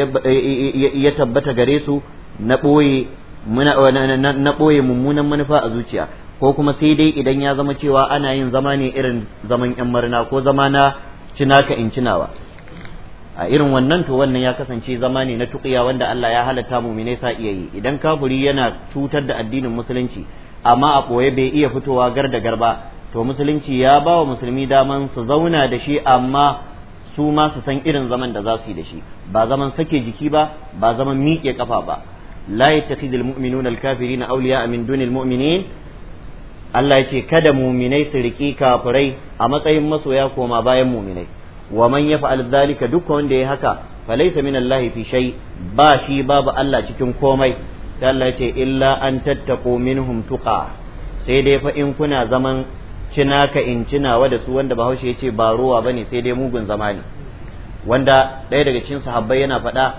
ya tabbata gare su na ɓoye na ɓoye mummunan manufa a zuciya ko kuma sai dai idan ya zama cewa ana yin zama ne irin zaman yan marina ko zama na cinaka in cinawa a irin wannan to wannan ya kasance zama ne na tuƙiya wanda Allah ya halatta muminai sa iya yi idan kafiri yana cutar da addinin musulunci amma a ɓoye bai iya fitowa gar da garba to musulunci ya ba wa musulmi daman su zauna da shi amma su ma su san irin zaman da za su yi da shi ba zaman sake jiki ba ba zaman miƙe kafa ba la yattakhidul mu'minuna al-kafirina awliya min dunil mu'minin Allah ya ce kada muminai su riƙi kafirai a matsayin masoya koma bayan muminai wa man yaf'al dhalika duk wanda ya haka falaysa min Allah fi shay ba shi babu Allah cikin komai sai Allah ce illa an tattaqu minhum tuqa sai dai fa in kuna zaman cinaka in cinawa da su wanda Bahaushe yace ba ruwa bane sai dai mugun zama ne wanda daya daga cikin sahabbai yana faɗa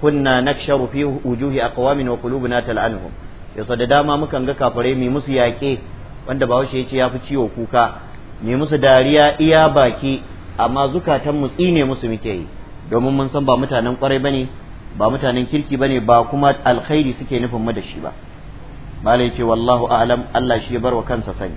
kunna naksharu fi wujuhi aqwamin wa qulubuna tal'anuhum yasa da dama mukan ga kafare mai musu yaƙe wanda Bahaushe yace ya fi ciwo kuka mai musu dariya iya baki amma zukatan mu tsine musu muke yi domin mun san ba mutanen kwarai bane ba mutanen kirki bane ba kuma alkhairi suke nufin mu da shi ba malai ce wallahu a'lam Allah shi ya barwa kansa sani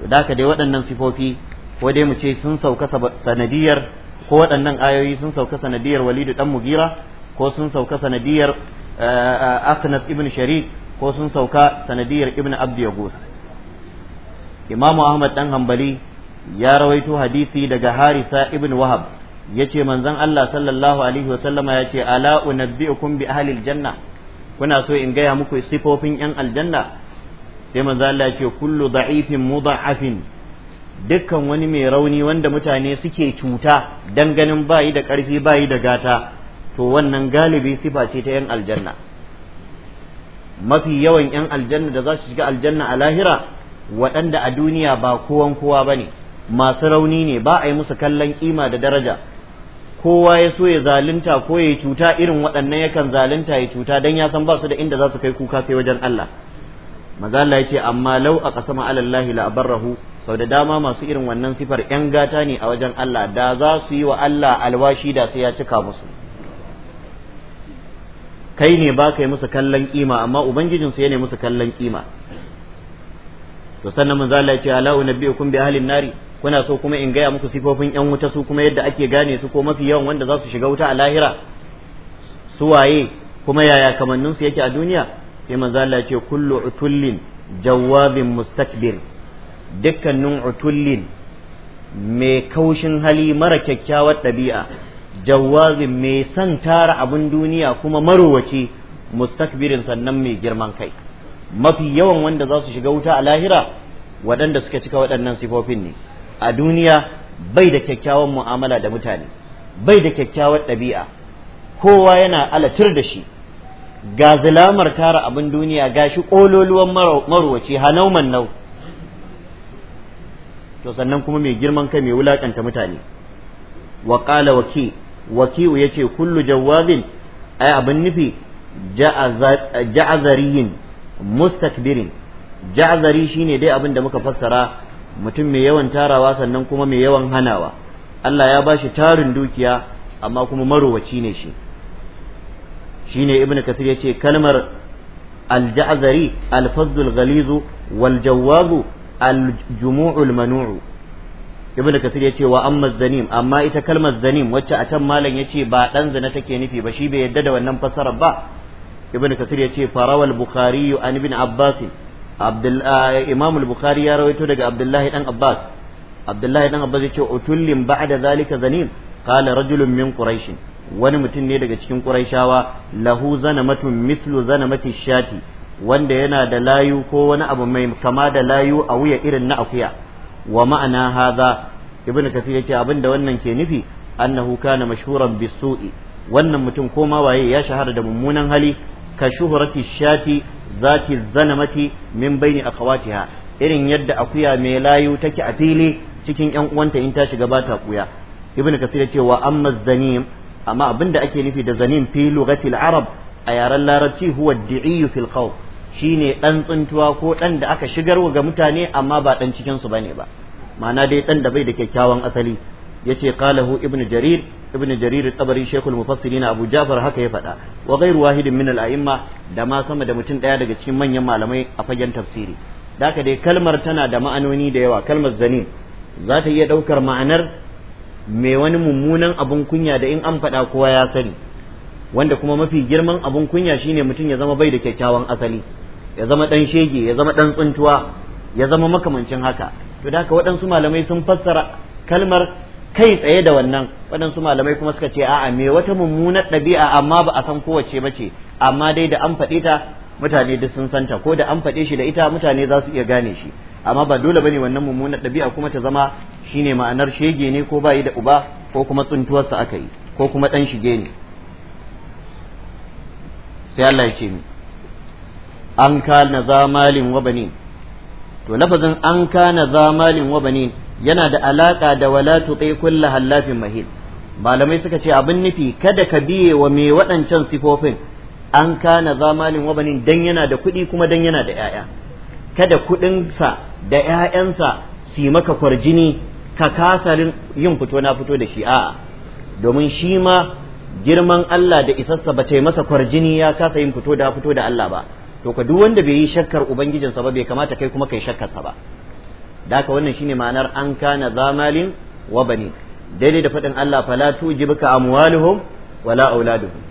to da dai waɗannan sifofi ko dai mu ce sun sauka sanadiyar ko waɗannan ayoyi sun sauka sanadiyar walidu dan mugira ko sun sauka sanadiyar eh, aknas ibn sharik ko sun sauka sanadiyar ibn abd yagus Imam ahmad dan hanbali ya rawaito hadisi daga harisa ibn wahab yace manzon Allah sallallahu alaihi wa sallama yace ala unabbiukum bi ahli aljanna kuna so in gaya muku sifofin yan aljanna sai manzon Allah yace kullu da'ifin mudha'afin dukkan wani mai rauni wanda mutane suke cuta dan ganin bayi da karfi bayi da gata to wannan galibi sifa ce ta yan aljanna mafi yawan yan aljanna da za su shiga aljanna a lahira waɗanda a duniya ba kowan kowa bane masu rauni ne ba a yi musu kallon kima da daraja kowa ya so ya zalunta ko ya cuta irin waɗannan yakan zalunta ya cuta don ya san ba su da inda za su kai kuka sai wajen Allah maza ya ce amma lau a kasama alallahi la rahu sau da dama masu irin wannan sifar yan gata ne a wajen Allah da za su yi wa Allah alwashi da sai ya cika musu kai ne ba yi musu kallon kima amma ubangijinsu ya ne musu kallon kima to sannan manzo Allah ya ce ala unabbiukum bi halin nari kuna so kuma in gaya muku sifofin yan wuta su kuma yadda ake gane su ko mafi yawan wanda za su shiga wuta a lahira su waye kuma yaya kamannin su yake a duniya sai manzo Allah ce kullu utullin jawabin mustakbir dukkanin utullin mai kaushin hali mara kyakkyawar ɗabi'a jawazin mai san tara abin duniya kuma marowaci mustakbirin sannan mai girman kai mafi yawan wanda za su shiga wuta a lahira waɗanda suka cika waɗannan sifofin ne a duniya bai da kyakkyawan mu'amala da mutane bai da kyakkyawar ɗabi'a kowa yana alatir da shi ga tara abin duniya ga shi ƙololuwan marwaci hanau nau to sannan kuma mai girman kai mai wulakanta mutane wa qala waki wakiu yace kullu jawazin ai abin nufi ja'azariyin mustakbirin ja'azari shine dai abin da muka fassara mutum mai yawan tarawa sannan kuma mai yawan hanawa Allah ya bashi tarin dukiya amma kuma marowaci ne shi shine ibnu kasir yace kalmar al-ja'zari al-fazd al wal jawwaz al manuu kasir yace wa amma zanim amma ita kalmar zanim wacce a can malam yace ba dan zina take nufi ba shi bai yadda da wannan fassarar ba ibnu kasir yace farawal bukhari an ibn abbas Abdul ah, Imam al-Bukhari ya rawaito daga Abdullahi dan Abbas Abdullahi dan Abbas yace utullin ba'da zalika zanin qala rajulun min quraish wani mutum ne daga cikin quraishawa lahu zanamatun mislu zanamati shati wanda yana da layu ko wani abu mai kama da layu a wuya irin na akuya wa ma'ana hadha ibnu kasir yace abinda wannan ke nufi annahu kana mashhuran bisu'i wannan mutum ko ma waye ya shahara da mummunan hali ka shuhurati shati zana mati min baini akhawatiha irin yadda akuya mai layu take a fili cikin yan uwanta in ta shiga ba ta kuya ibnu kasir ya ce wa amma zanim amma abinda ake nufi da zanim fi lughatil arab a yaren larabci huwa di'i fil qaw shine dan tsuntuwa ko dan da aka shigar ga mutane amma ba dan cikin su bane ba ma'ana dai dan da bai da kyakkyawan asali yace qalahu ibnu jarir ابن جرير الطبري shekul المفسرين abu jafar haka ya faɗa wa من الائمه ده ما da ma sama da mutum daya daga cikin manyan malamai a fagen tafsiri daka dai kalmar tana da ma'anoni da yawa kalmar zanin za ta iya ɗaukar ma'anar me wani mummunan abun kunya da in an fada kowa ya sani wanda kuma mafi girman abun kunya shine mutum ya zama bai da kyakkyawan asali ya zama dan shege ya zama ɗan tsuntuwa ya zama makamancin haka to da waɗansu malamai sun fassara kalmar kai tsaye da wannan waɗansu malamai kuma suka ce a'a me wata mummunar ɗabi'a amma ba a san kowace ba ce amma dai da an faɗe ta mutane duk sun santa ko da an faɗe shi da ita mutane za su iya gane shi amma ba dole bane wannan mummunar ɗabi'a kuma ta zama shine ma'anar shege ne ko bayi da uba ko kuma tsuntuwarsa aka yi ko kuma ɗan shige ne sai Allah ya ce ni an kana zamalin wa to lafazin an kana zamalin wa yana da alaka da Walatu tsaye kullu hallafin mahid malamai suka ce abin nufi kada ka biye wa me waɗancan sifofin an kana zamanin wabanin dan yana da kuɗi kuma dan yana da 'ya'ya kada kuɗinsa da 'ya'yansa su yi maka kwarjini ka kasa yin fito na fito da shi a'a domin shi ma girman Allah da isassa ba ta yi masa kwarjini ya kasa yin fito da fito da Allah ba to ka duk wanda bai yi shakkar ubangijinsa ba bai kamata kai kuma kai shakkarsa ba da haka wannan shine ma'anar an kana zamalin wa bani daidai da faɗin Allah fala tujibuka amwaluhum wala auladuhum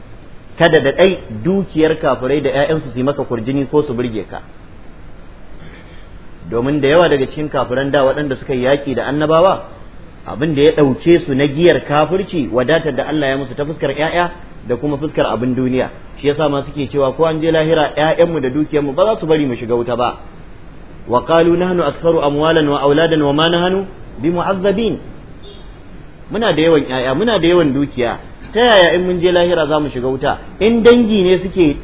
kada da dai dukiyar kafirai da 'ya'yansu su yi maka kurjini ko su burge ka domin da yawa daga cikin kafiran da waɗanda suka yi yaƙi da annabawa abin da ya ɗauke su na giyar kafirci wadatar da Allah ya musu ta fuskar ƴaƴa da kuma fuskar abin duniya shi yasa ma suke cewa ko an je lahira ƴaƴanmu da dukiyarmu ba za su bari mu shiga wuta ba wa qalu nahnu aktharu amwalan wa auladan wa ma nahnu bimu'azzabin muna da yawan yaya muna da yawan dukiya ta yaya in mun je lahira za mu shiga wuta in dangi ne suke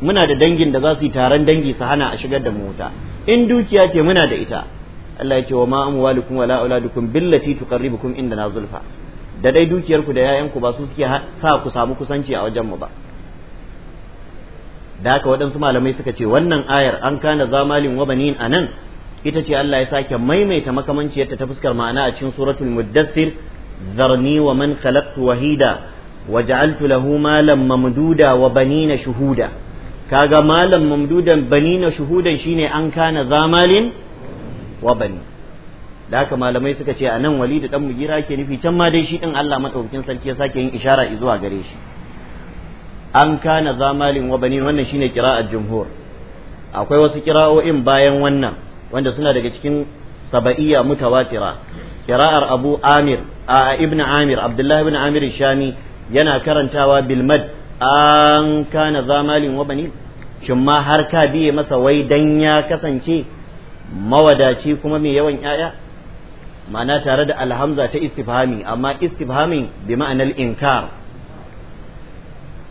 muna da dangin da za su yi taron dangi su hana a shigar da mu wuta in dukiya ce muna da ita Allah ya ce wa ma amwalukum wala auladukum billati tuqarribukum na zulfa da dai dukiyarku da yayan ku ba su suke sa ku samu kusanci a wajen mu ba da haka waɗansu malamai suka ce wannan ayar an kana zamalin wa banin anan ita ce Allah ya sake maimaita makamanciyarta ta fuskar ma'ana a cikin suratul muddassir zarni wa man khalaqtu wahida wa ja'altu lahu mamduda wa banina shuhuda kaga malam mamdudan banina shuhudan shine an kana zamalin wa bani da haka malamai suka ce anan wali da dan mugira ke nufi can ma dai shi din Allah madaukakin sarki ya sake yin ishara zuwa gare shi an kana zamalin wa banin wannan shine kira'ar jumhur akwai wasu kira'o'in bayan wannan wanda suna daga cikin saba'iyya mutawatira kira'ar abu amir a ibn amir abdullahi ibn amir shami yana karantawa bilmad an kana zamalin wa banin shin ma har ka biye masa wai dan ya kasance mawadaci kuma mai yawan 'ya'ya ma'ana tare da alhamza ta istifhami amma istifhamin bi ma'anar inkar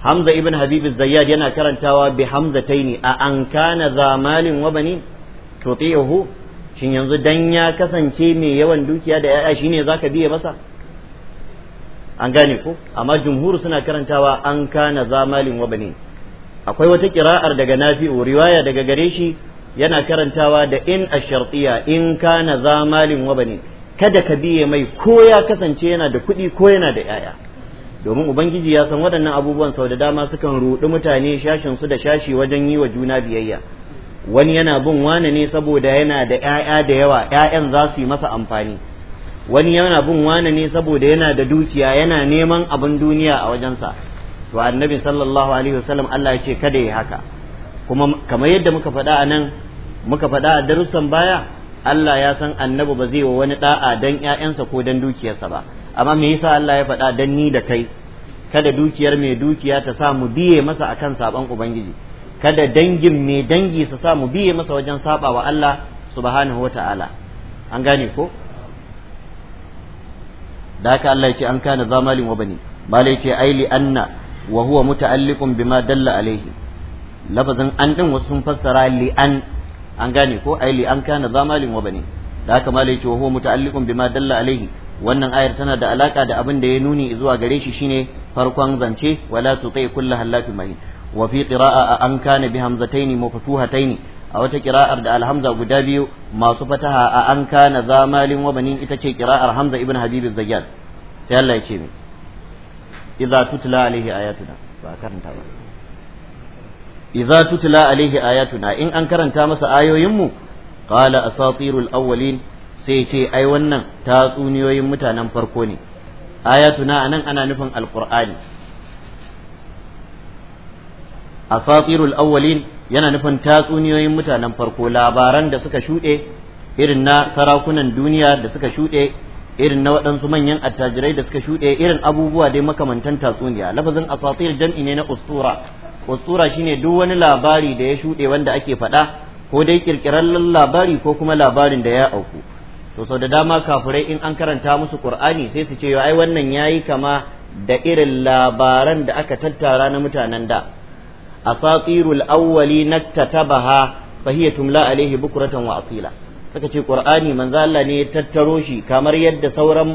hamza ibn habib zayyad yana karantawa bi hamzataini a an kana za malin wa bani tuti'uhu shin yanzu dan ya kasance mai yawan dukiya da ya'ya shine zaka biye masa an gane ko amma jumhur suna karantawa an kana za malin wa bani akwai wata kira'ar daga nafi'u riwaya daga gare shi yana karantawa da in ash-shartiya in kana za malin wa bani kada ka biye mai ko ya kasance yana da kuɗi ko yana da ya'ya domin ubangiji ya san waɗannan abubuwan sau da dama sukan ruɗi mutane shashin su da shashi wajen yi wa juna biyayya wani yana bin wane ne saboda yana da ƴaƴa da yawa ƴaƴan za su yi masa amfani wani yana bin wane ne saboda yana da dukiya yana neman abin duniya a wajensa to annabi sallallahu alaihi wasallam Allah ya ce kada yi haka kuma kamar yadda muka faɗa a nan muka faɗa a darussan baya Allah ya san annabi ba zai wa wani da'a dan ƴaƴansa ko dan dukiyarsa ba amma me yasa Allah ya faɗa dan ni da kai kada dukiyar mai dukiya ta sa mu biye masa akan saban ubangiji kada dangin mai dangi su sa mu biye masa wajen saba wa Allah subhanahu wata'ala an gane ko da haka Allah yake an kana zamalin wa bani malai yake aili anna wa huwa muta'alliqun bima dalla alaihi lafazin an din wasu sun fassara li an an gane ko aili an kana zamalin wa bani da haka malai yake wa huwa muta'alliqun bima dalla alaihi wannan ayar tana da alaka da abin da ya nuni zuwa gare shi shine farkon zance wala tuti kulla hallafi mai wa fi qira'a an kana bi hamzataini maftuhataini a wata qira'ar da alhamza guda biyu masu fataha a an kana zamalin wa banin ita ce qira'ar hamza ibn habib az-zayyad sai Allah ya ce mi idza tutla alaihi ayatuna ba karanta ba idza tutla alaihi ayatuna in an karanta masa ayoyin mu qala asatirul awwalin sai ce ai wannan tatsuniyoyin mutanen farko ne ayatuna anan ana nufin alqur'ani asatirul awwalin yana nufin tatsuniyoyin mutanen farko labaran da suka shuɗe irin na sarakunan duniya da suka shuɗe irin na waɗansu manyan attajirai da suka shuɗe irin abubuwa dai makamantan tatsuniya lafazin asatir jam'i ne na ustura ustura shine duk wani labari da ya shuɗe wanda ake faɗa ko dai kirkirallen labari ko kuma labarin da ya auku to sau da dama kafurai in an karanta musu qur'ani sai su ce ai wannan yayi kama da irin labaran da aka tattara na mutanen da asatirul awwali naktatabaha fahiya tumla alaihi bukratan wa asila suka ce qur'ani manzo Allah ne ya tattaro shi kamar yadda sauran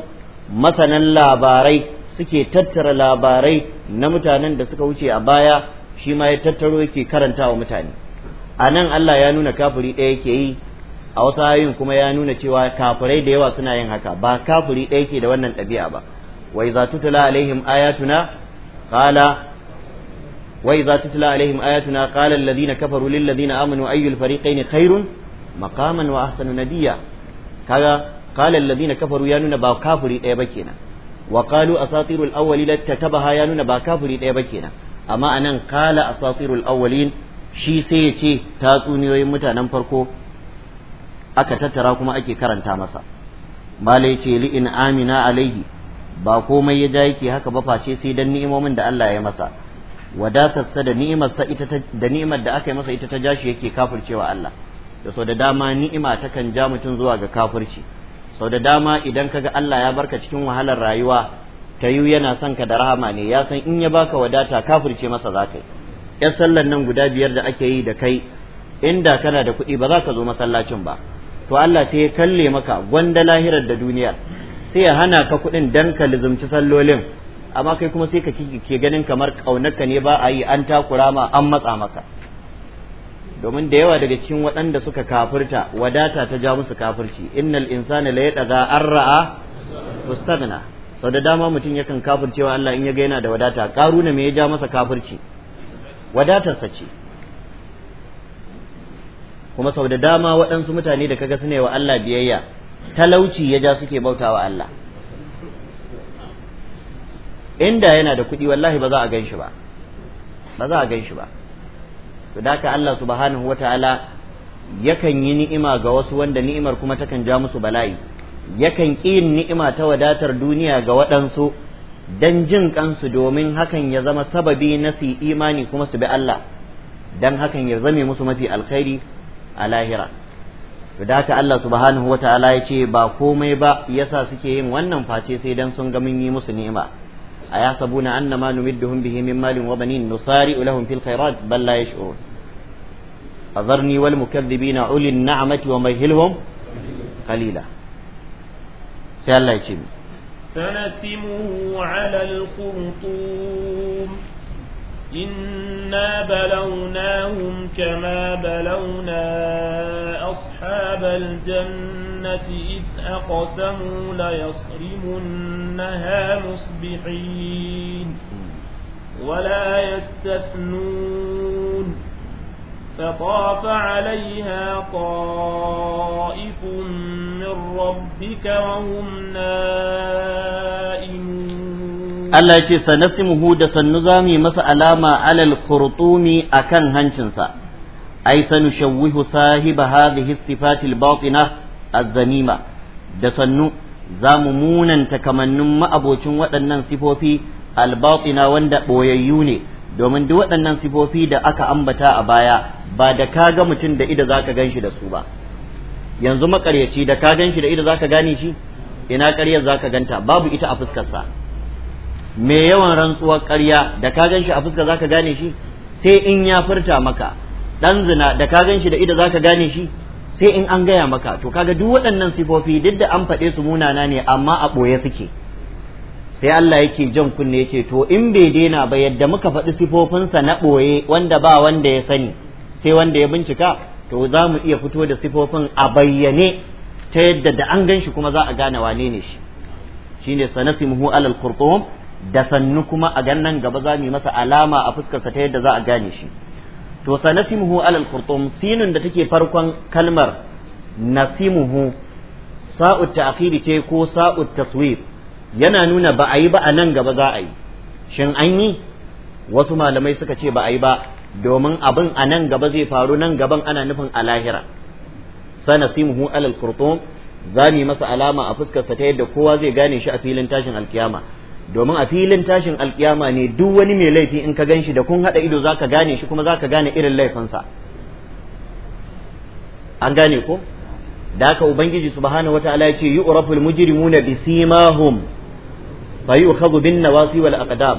masanan labarai suke tattara labarai na mutanen da suka wuce a baya shi ma ya tattaro yake karanta wa mutane a nan Allah ya nuna kafiri ɗaya yake yi a wasu ayoyin kuma ya nuna cewa kafirai da yawa suna yin haka ba kafiri ɗaya ke da wannan ɗabi'a ba wai za tutla alaihim ayatuna qala wa idza tutla alaihim ayatuna qala alladhina kafaru lil ladina amanu ayyul fariqain khairun maqaman wa ahsanu nadiya kaga qala alladhina kafaru ya nuna ba kafiri ɗaya ba kenan wa qalu asatirul awwalin tatabaha ya nuna ba kafiri ɗaya ba kenan amma anan qala asatirul awwalin shi sai ya ce tatsuniyoyin mutanen farko aka tattara kuma ake karanta masa mala ce li in amina alaihi ba komai ya ja yake haka ba face sai dan ni'imomin da Allah ya masa wadatarsa da sa ita da ni'imar da aka yi masa ita ta jashi yake kafircewa Allah da sau da dama ni'ima ta kan ja mutum zuwa ga kafirci sau da dama idan kaga Allah ya barka cikin wahalar rayuwa ta yiwu yana son ka da rahama ne ya san in ya baka wadata kafirce masa za ka yi yan sallan nan guda biyar da ake yi da kai inda kana da kuɗi ba za ka zo masallacin ba to Allah sai ya kalle maka gwanda lahirar da duniya sai ya hana ka kuɗin dan ka lizumci sallolin amma kai kuma sai ka ke ganin kamar ƙaunarka ne ba a yi an takura ma an matsa maka domin da yawa daga cikin waɗanda suka kafirta wadata ta ja musu kafirci innal insana la yadaga arra'a mustaghna sau da dama mutum yakan kafircewa Allah in ya ga yana da wadata karuna me ya ja masa kafirci wadatarsa ce kuma sau da dama waɗansu mutane da kaga suna wa Allah biyayya talauci ya ja suke bauta wa Allah inda yana da kuɗi wallahi ba za a gan shi ba ba za a gan shi ba to da ka Allah subhanahu taala yakan yi ni'ima ga wasu wanda ni'imar kuma takan ja musu bala'i yakan ƙi ni'ima ta wadatar duniya ga waɗansu dan jin kansu domin hakan ya zama sababi na su imani kuma su bi Allah dan hakan ya zame musu mafi alkhairi a lahira da Allah subhanahu wa ta'ala ya ce ba komai ba yasa suke yin wannan face sai dan sun ga mun yi musu ni'ima a ya sabuna annama numiddahum bihi min malin wa banin nusari lahum fil khairat bal la yash'urun azarni wal mukaththibina ulil ni'mati wa mahilhum qalila sai Allah ya ce sanasimu ala al إنا بلوناهم كما بلونا أصحاب الجنة إذ أقسموا ليصرمنها مصبحين ولا يستثنون فطاف عليها طائف من ربك وهم نائمون Allah ya ce sanasimuhu da sannu yi masa alama alal a kan hancinsa ai sanu shawwihu sahiba hadhihi sifatil batina az-zamima da sannu zamu munanta kamannin ma'abocin waɗannan sifofi al-batina wanda boyayyu ne domin duk waɗannan sifofi da aka ambata a baya ba da ka ga mutum da ido zaka ganshi da su ba yanzu makaryaci da ka ganshi da ido zaka gane shi ina ƙaryar zaka ganta babu ita a fuskarsa mai yawan rantsuwar ƙarya da ka gan shi a fuska zaka gane shi sai in ya furta maka dan zina da ka gan shi da ido zaka gane shi sai in an gaya maka to kaga duk waɗannan sifofi duk da an faɗe su munana ne amma a ɓoye suke sai Allah yake jan kunne yake to in bai daina ba yadda muka faɗi sifofinsa na ɓoye wanda ba wanda ya sani sai wanda ya bincika to za mu iya fito da sifofin a bayyane ta yadda da an ganshi kuma za a gane wane ne shi shine sanasimuhu alal qurtum da sannu kuma a gannan gaba za mu yi masa alama a fuskarsa ta yadda za a gane shi to sanasimuhu alal qurtum sinun da take farkon kalmar nasimuhu sa'u ta'khiri ce ko sa'u taswir yana nuna ba a yi ba a nan gaba za a yi shin an yi wasu malamai suka ce ba a yi ba domin abin a nan gaba zai faru nan gaban ana nufin a lahira sanasimuhu alal qurtum za mu yi masa alama a fuskarsa ta yadda kowa zai gane shi a filin tashin alkiyama domin a filin tashin alkiyama ne duk wani mai laifi in ka ganshi da kun haɗa ido za ka gane shi kuma za ka gane irin laifinsa an gane ko da haka ubangiji subhanahu wataala ya ce yi yu'raful mujrimuna bisimahum fa yu'khadhu bin nawasi wal aqdam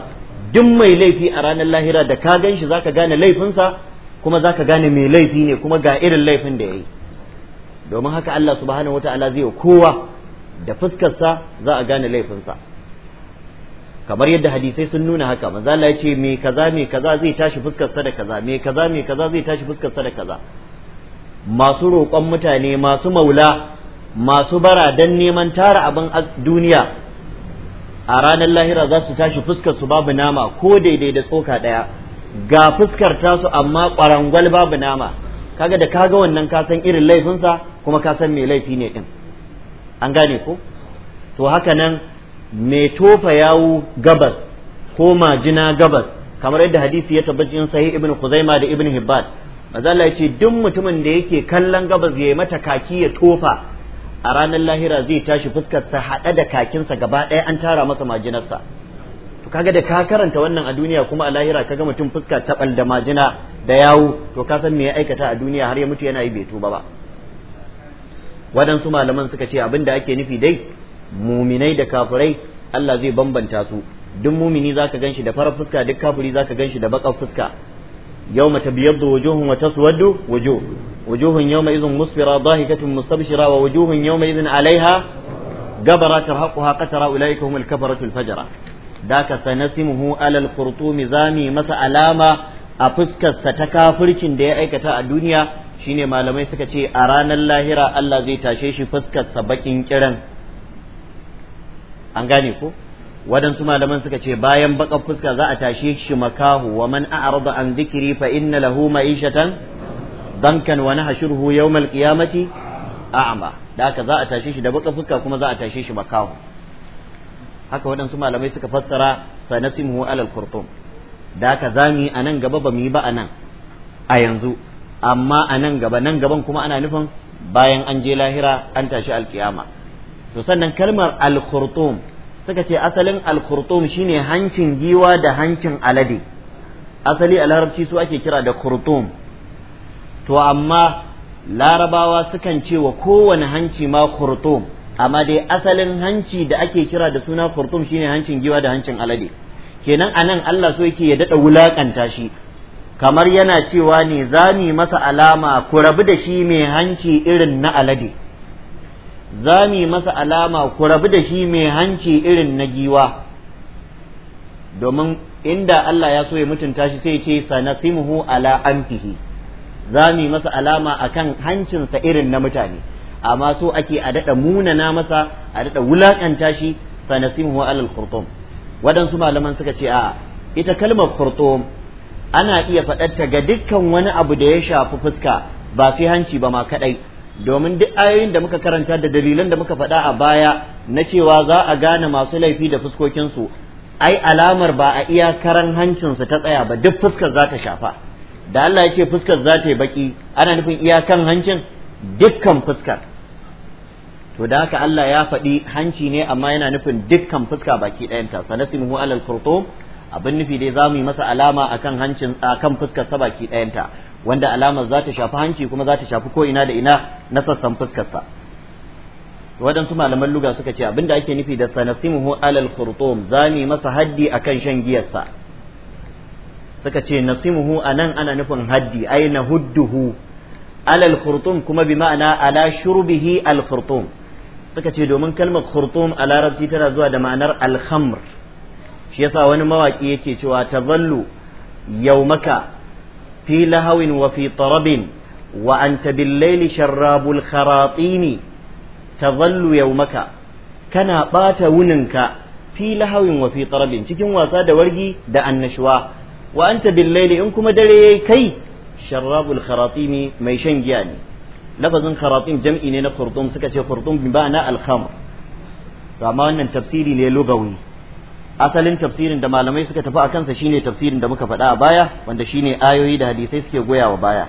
duk mai laifi a ranar lahira da ka gan ganshi ka gane laifinsa kuma za ka gane mai laifi ne kuma ga irin laifin da yayi domin haka Allah subhanahu wataala zai kowa da fuskarsa za a gane laifinsa kamar yadda hadisai sun nuna haka manzo Allah ya ce me kaza me kaza zai tashi fuskar sa da kaza me kaza me kaza zai tashi fuskar sa da kaza masu roƙon mutane masu maula masu bara dan neman tara abin duniya a ranar lahira za su tashi fuskar su babu nama ko daidai da tsoka daya. ga fuskar tasu amma ƙwarangwal babu nama kaga da kaga wannan ka san irin laifinsa kuma ka san mai laifi ne din an gane ko to haka nan mai tofa yawu gabas ko majina gabas kamar yadda hadisi ya in sahih ibn Khuzaima da ibn Hibban manzo Allah ya ce duk mutumin da yake kallon gabas yayi mata kaki ya tofa a ranar lahira zai tashi fuskar sa hada da kakinsa gaba ɗaya an tara masa majinarsa to kaga da ka karanta wannan a duniya kuma a lahira kaga mutum fuska ta da majina da yawu to ka san me ya aikata a duniya har ya mutu yana yi bai tuba ba waɗansu malaman suka ce abin da ake nufi dai muminai da kafirai Allah zai bambanta su duk mumini zaka ganshi da farar fuska duk kafiri zaka ganshi da bakar fuska yawma tabyaddu wujuhun wa taswaddu wujuh wujuhun yawma idhin musfira dahikatun mustabshira wa wujuhun yawma idhin alaiha gabara tarhaquha qatara ulaika humul kafaratu fajara daka sanasimuhu alal qurtumi zami masa alama a fuskarsa ta kafircin da ya aikata a duniya shine malamai suka ce a ranar lahira Allah zai tashe shi fuskarsa bakin kiran an gane ko waɗansu malaman suka ce bayan baƙar fuska za a tashe shi makahu wa man a'rada an dhikri fa inna lahu ma'ishatan dankan wa nahshuruhu yawmal qiyamati a'ma da haka za a tashe shi da baƙar fuska kuma za a tashe shi makahu haka waɗansu malamai suka fassara sanasimuhu alal qurtum da haka zamu yi nan gaba ba mu yi ba anan a yanzu amma a nan gaba nan gaban kuma ana nufin bayan an je lahira an tashi alkiyama to sannan kalmar al-khurtum suka ce asalin al-khurtum shine hancin giwa da hancin alade asali a larabci su ake kira da khurtum to amma larabawa sukan ce wa kowane hanci ma khurtum amma dai asalin hanci da ake kira da suna khurtum shine hancin giwa da hancin alade kenan anan Allah so yake ya dada wulakanta shi kamar yana cewa ne za masa alama ku rabu da shi mai hanci irin na alade za mu yi masa alama ku rabu da shi mai hanci irin na giwa domin inda Allah ya so ya mutunta shi sai ce sanasimuhu ala anfihi za mu yi masa alama akan hancinsa irin na mutane amma so ake a daɗa na masa a daɗa wulaƙanta shi sanasimuhu ala al waɗansu malaman suka ce a ita kalmar kurtum ana iya faɗarta ga dukkan wani abu da ya shafi fuska ba sai hanci ba ma kaɗai domin duk ayoyin da muka karanta da dalilan da muka faɗa a baya na cewa za a gane masu laifi da fuskokinsu ai alamar ba a iya karan hancinsu ta tsaya ba duk fuskar za ta shafa da Allah ya ce fuskar za ta yi baki ana nufin iyakan hancin dukkan fuskar to da haka Allah ya faɗi hanci ne amma yana nufin dukkan fuska baki ɗayanta hu alal furto abin nufi dai za mu yi masa alama akan hancin akan fuskar sa baki ɗayanta wanda alamar za ta shafi hanci kuma za ta shafi ko ina da ina na sassan fuskarsa waɗansu malaman luga suka ce abinda ake nufi da sanasimuhu alal khurtum zani masa haddi akan shan giyarsa suka ce nasimuhu anan ana nufin haddi ai na hudduhu alal khurtum kuma bi ma'ana ala shurbihi al khurtum suka ce domin kalmar khurtum a larabci tana zuwa da ma'anar al khamr shi yasa wani mawaki yake cewa tazallu yaumaka في لهو وفي طرب وأنت بالليل شراب الخراطيم تظل يومك كنا بات وننك في لهو وفي طرب تكن واساد ورقي دا النشوى وأنت بالليل إنكم دري كي شراب الخراطيم ميشن جاني لفظ خراطيم جمعي لنا خرطوم سكتي خرطوم بمعنى الخمر فما أن تفسيري للغوي asalin tafsirin da malamai suka tafi a kansa shine tafsirin da muka faɗa a baya wanda shine ayoyi da hadisai suke goya wa baya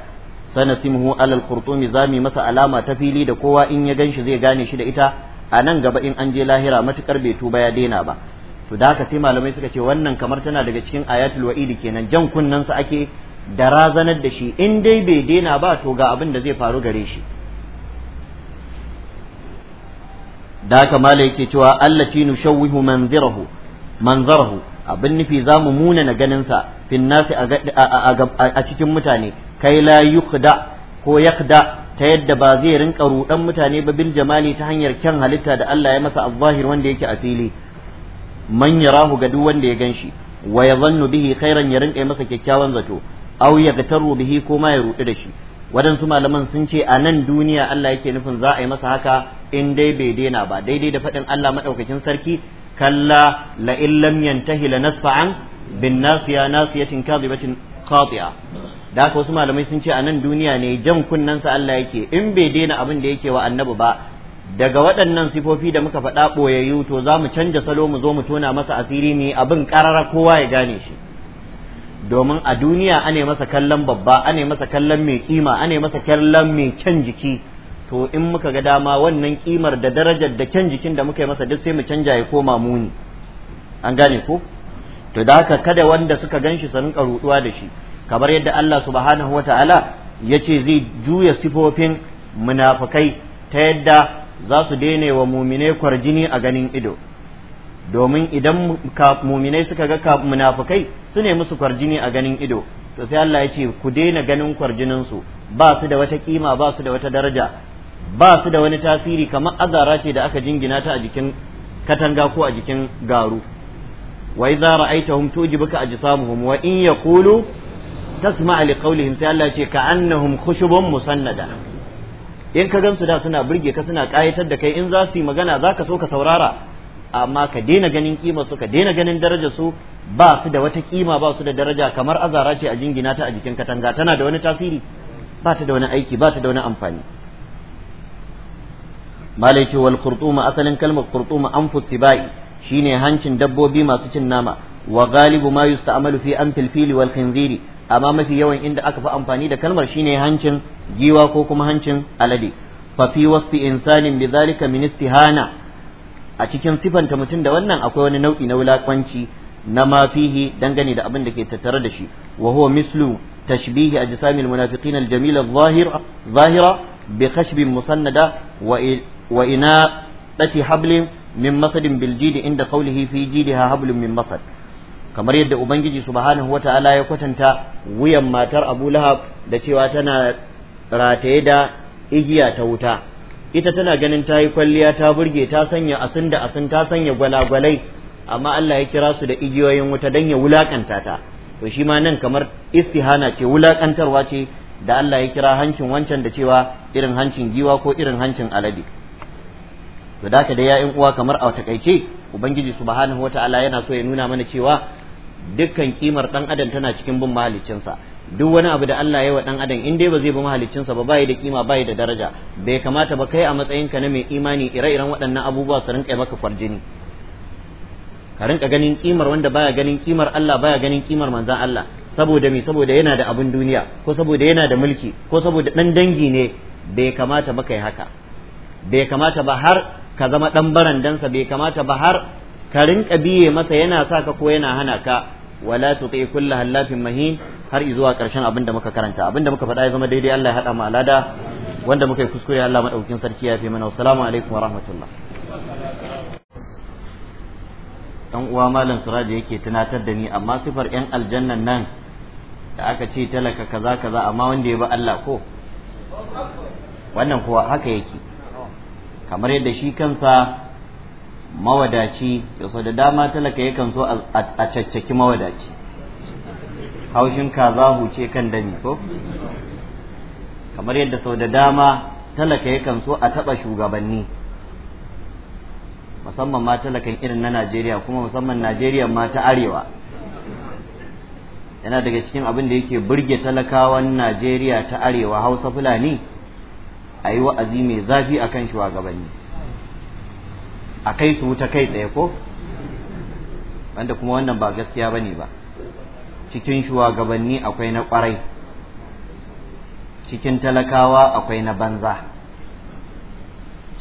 sanasimhu alal qurtumi zami masa alama ta fili da kowa in ya ganshi zai gane shi da ita a nan gaba in an je lahira matukar bai tuba ya daina ba to da haka sai malamai suka ce wannan kamar tana daga cikin ayatul wa'idi kenan jan kunnen sa ake da razanar da shi in dai bai daina ba to ga abin da zai faru gare shi da haka malai yake cewa allati nushawwihu manzirahu manzarahu abin nufi za mu muna na ganinsa fin nasi a cikin mutane kai la yukda ko yakda ta yadda ba zai rinka rudan mutane ba bil jamali ta hanyar kyan halitta da Allah ya masa al-zahir wanda yake a fili man yarahu ga duk wanda ya ganshi wa yadhannu bihi khairan ya rinka masa kyakkyawan zato aw gataru bihi ko ma ya rudu da shi wadansu malaman sun ce a nan duniya Allah yake nufin za a yi masa haka in dai bai daina ba daidai da faɗin Allah madaukakin sarki kalla la illam yantahi la nasfa'an bin nasiya nasiyatin da haka wasu malamai sun ce a nan duniya ne jan kunnensa Allah yake in bai daina abin da yake wa annabi ba daga waɗannan sifofi da muka faɗa ɓoyayyu to za mu canja salo mu zo mu tona masa asiri ne abin ƙarara kowa ya gane shi domin a duniya ane masa kallon babba ane masa kallon mai kima ane masa kallon mai kyan jiki to in muka ga dama wannan kimar da darajar da can jikin da muka yi masa duk sai mu canja ya koma muni an gane ko to da haka kada wanda suka ganshi su rinka ruduwa da shi kamar yadda Allah subhanahu ya ce zai juya sifofin munafikai ta yadda za su daina wa mumine kwarjini a ganin ido domin idan muminai suka ga munafukai su ne musu kwarjini a ganin ido to sai Allah ya ce ku daina ganin kwarjinin su ba su da wata kima ba su da wata daraja ba su da wani tasiri kamar azara ce da aka jingina ta a jikin katanga ko a jikin garu wa idza ra'aytahum tujibuka ajsamuhum wa in yaqulu tasma' li qawlihim sai Allah ce ka annahum khushubun musannada in ka gansu da suna burge ka suna kayatar da kai in za su yi magana za ka so ka saurara amma ka daina ganin kima su ka daina ganin daraja su ba su da wata kima ba su da daraja kamar azara ce a jingina ta a jikin katanga tana da wani tasiri ba ta da wani aiki ba ta da wani amfani malai ce wal qurtuma asalin kalmar qurtuma anfus sibai shine hancin dabbobi masu cin nama wa galibu ma yusta'malu fi anfil fili wal khinziri amma mafi yawan inda aka fi amfani da kalmar shine hancin giwa ko kuma hancin alade fa fi wasfi insanin bidhalika min istihana a cikin sifanta mutum da wannan akwai wani nau'i na wulakanci na ma fihi dangane da abin da ke tattare da shi wa huwa mislu tashbihi ajsamil munafiqin al jamila zahira zahira bi khashbin musannada wa ina dati hablin min masadin biljidi inda qawlihi fi jidiha hablun min masad kamar yadda ubangiji subhanahu wataala ya kwatanta wuyan matar Abu Lahab da cewa tana rataye da igiya ta wuta ita tana ganin ta yi kwalliya ta burge ta sanya asin da asin ta sanya gwalagwalai amma Allah ya kira su da igiyoyin wuta dan ya wulakanta ta to shi ma nan kamar istihana ce wulakantarwa ce da Allah ya kira hancin wancan da cewa irin hancin giwa ko irin hancin alade to da ka da ya'yan uwa kamar a takaice ubangiji subhanahu wataala yana so ya nuna mana cewa dukkan kimar dan adam tana cikin bin mahaliccinsa duk wani abu da Allah ya wa dan adam in dai ba zai bi mahaliccinsa ba bai da kima bai da daraja bai kamata ba kai a matsayinka na mai imani ire-iren waɗannan abubuwa su rinka maka kwarjini ka rinka ganin kimar wanda baya ganin kimar Allah baya ganin kimar manzan Allah saboda me saboda yana da abin duniya ko saboda yana da mulki ko saboda dan dangi ne bai kamata ba kai haka bai kamata ba har ka zama dan barandansa bai kamata ba har ka rinka biye masa yana sa ka ko yana hana ka wala tuti kullu hallafin mahin har zuwa karshen abin da muka karanta abin da muka faɗa ya zama daidai Allah ya hada mu alada wanda muka yi kuskure Allah madaukin sarki ya fi mana assalamu alaikum wa rahmatullah dan uwa malam suraji yake tunatar da ni amma sifar yan aljannan nan da aka ce talaka kaza kaza amma wanda ya ba Allah ko wannan kuwa haka yake kamar yadda shi kansa mawadaci ya so da dama talaka yakan so a caccaki mawadaci haushin kaza huce kan dami ko kamar yadda sau da dama talaka yakan so a taɓa shugabanni musamman ma talakan irin na najeriya kuma musamman najeriya ma ta arewa yana daga cikin abin da yake burge talakawan najeriya ta arewa hausa fulani a yi wa'azi mai zafi a kan shugabanni a kai su wuta kai tsaye ko wanda kuma wannan ba gaskiya ba ne ba cikin shugabanni akwai na kwarai cikin talakawa akwai na banza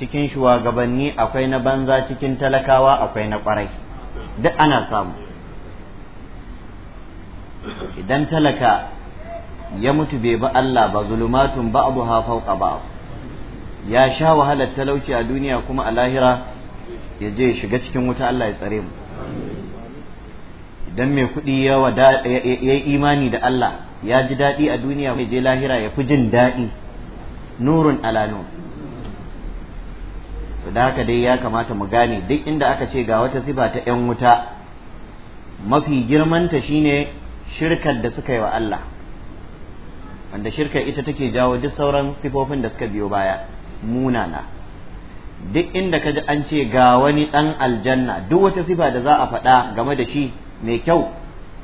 cikin shugabanni akwai na banza cikin talakawa akwai na kwarai duk ana samu idan talaka ya mutu bai bi Allah ba zulumatun ba'daha ba abu ya sha wahalar talauci a duniya kuma a lahira ya je shiga cikin wuta Allah ya tsare mu idan mai kuɗi ya yi imani da Allah ya ji daɗi a duniya mai je lahira ya fi jin daɗi nurun alano su da haka dai ya kamata mu gane duk inda aka ce ga wata sifa ta 'yan wuta mafi girmanta shine shirkar da suka yi wa Allah wanda shirkar ita take jawo duk sauran sifofin da suka biyo baya munana duk inda kaji an ce ga wani ɗan aljanna duk wata sifa da za a faɗa game da shi mai kyau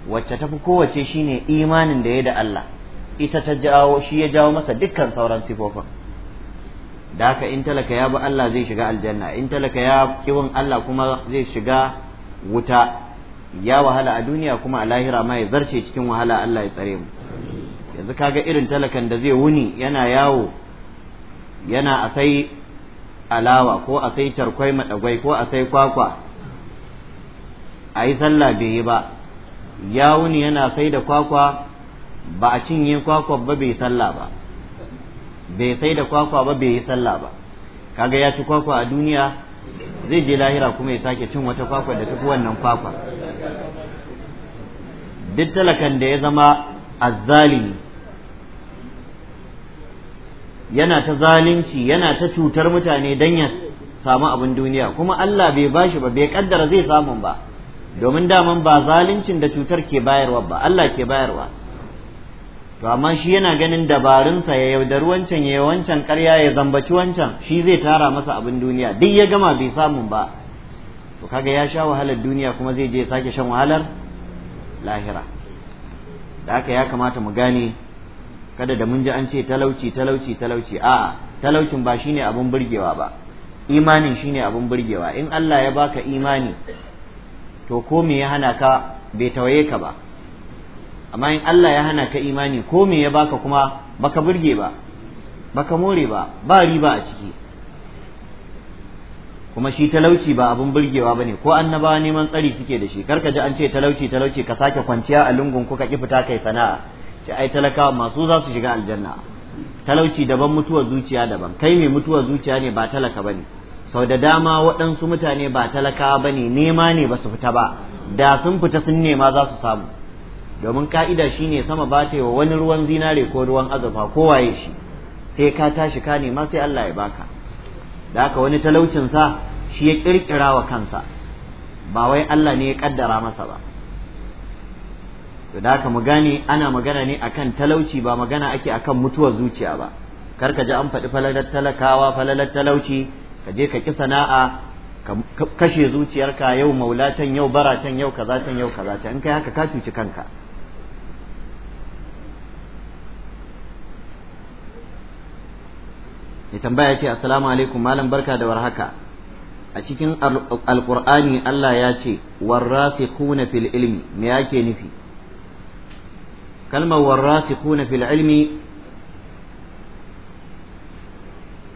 wacce tafi kowace shine imanin da ya da Allah ita ta jawo shi ya jawo masa dukkan sauran sifofin da haka in talaka ya bi Allah zai shiga aljanna in talaka ya kiwon Allah kuma zai shiga wuta ya wahala a duniya kuma a lahira ma zarce cikin wahala Allah ya tsare mu yanzu kaga irin talakan da zai wuni yana yawo yana a sai alawa ko a sai carkwai maɗagwai ko a sai kwakwa a yi sallah bai yi ba ya wuni yana sai da kwakwa ba a cinye kwakwa ba bai sallah ba bai sai da kwakwa ba bai yi sallah ba kaga ya ci kwakwa a duniya zai je lahira kuma ya sake cin wata kwakwa da tafi wannan kwakwa duk talakan da ya zama azzalimi yana ta zalunci yana ta cutar mutane dan ya samu abin duniya kuma Allah bai bashi ba bai kaddara zai samu ba domin daman ba zaluncin da cutar ke bayarwa ba Allah ke bayarwa to amma shi yana ganin dabarunsa ya yaudari wancan ya wancan karya ya zambaci wancan shi zai tara masa abin duniya duk ya gama bai samu ba to kaga ya sha wahalar duniya kuma zai je sake shan wahalar lahira da haka ya kamata mu gane kada da mun ji an ce talauci talauci talauci a'a talaucin ba shine abun burgewa ba imanin shine abun burgewa in Allah ya baka imani to ko me ya hana ka bai tawaye ka ba amma in Allah ya hana ka imani ko me ya baka kuma baka burge ba baka more ba ba riba a ciki kuma shi talauci ba abun burgewa bane ko annabawa neman tsari suke da shi karka ji an ce talauci talauci ka sake kwanciya a lungun kuka ki fita kai sana'a ce ai talakawa masu za su shiga aljanna talauci daban mutuwar zuciya daban kai mai mutuwar zuciya ne ba talaka bane sau da dama waɗansu mutane ba talakawa bane nema ne ba su fita ba da sun fita sun nema za su samu domin ka'ida ne sama ba ta wa wani ruwan zinare ko ruwan azurfa ko waye shi sai ka tashi ka nema sai Allah ya baka da haka wani talaucin sa shi ya kirkira wa kansa ba wai Allah ne ya kaddara masa ba to da haka mu gane ana magana ne akan talauci ba magana ake akan mutuwar zuciya ba kar ka ji an faɗi falalar talakawa falalar talauci ka je ka ki sana'a ka kashe zuciyarka yau maula can yau bara can yau kaza can yau kaza can in kai haka ka cuci kanka ya tambaya ce assalamu alaikum malam barka da warhaka a cikin alqur'ani Allah ya ce warrasikhuna fil ilmi me yake nufi kalmar warrasikuna fil ilmi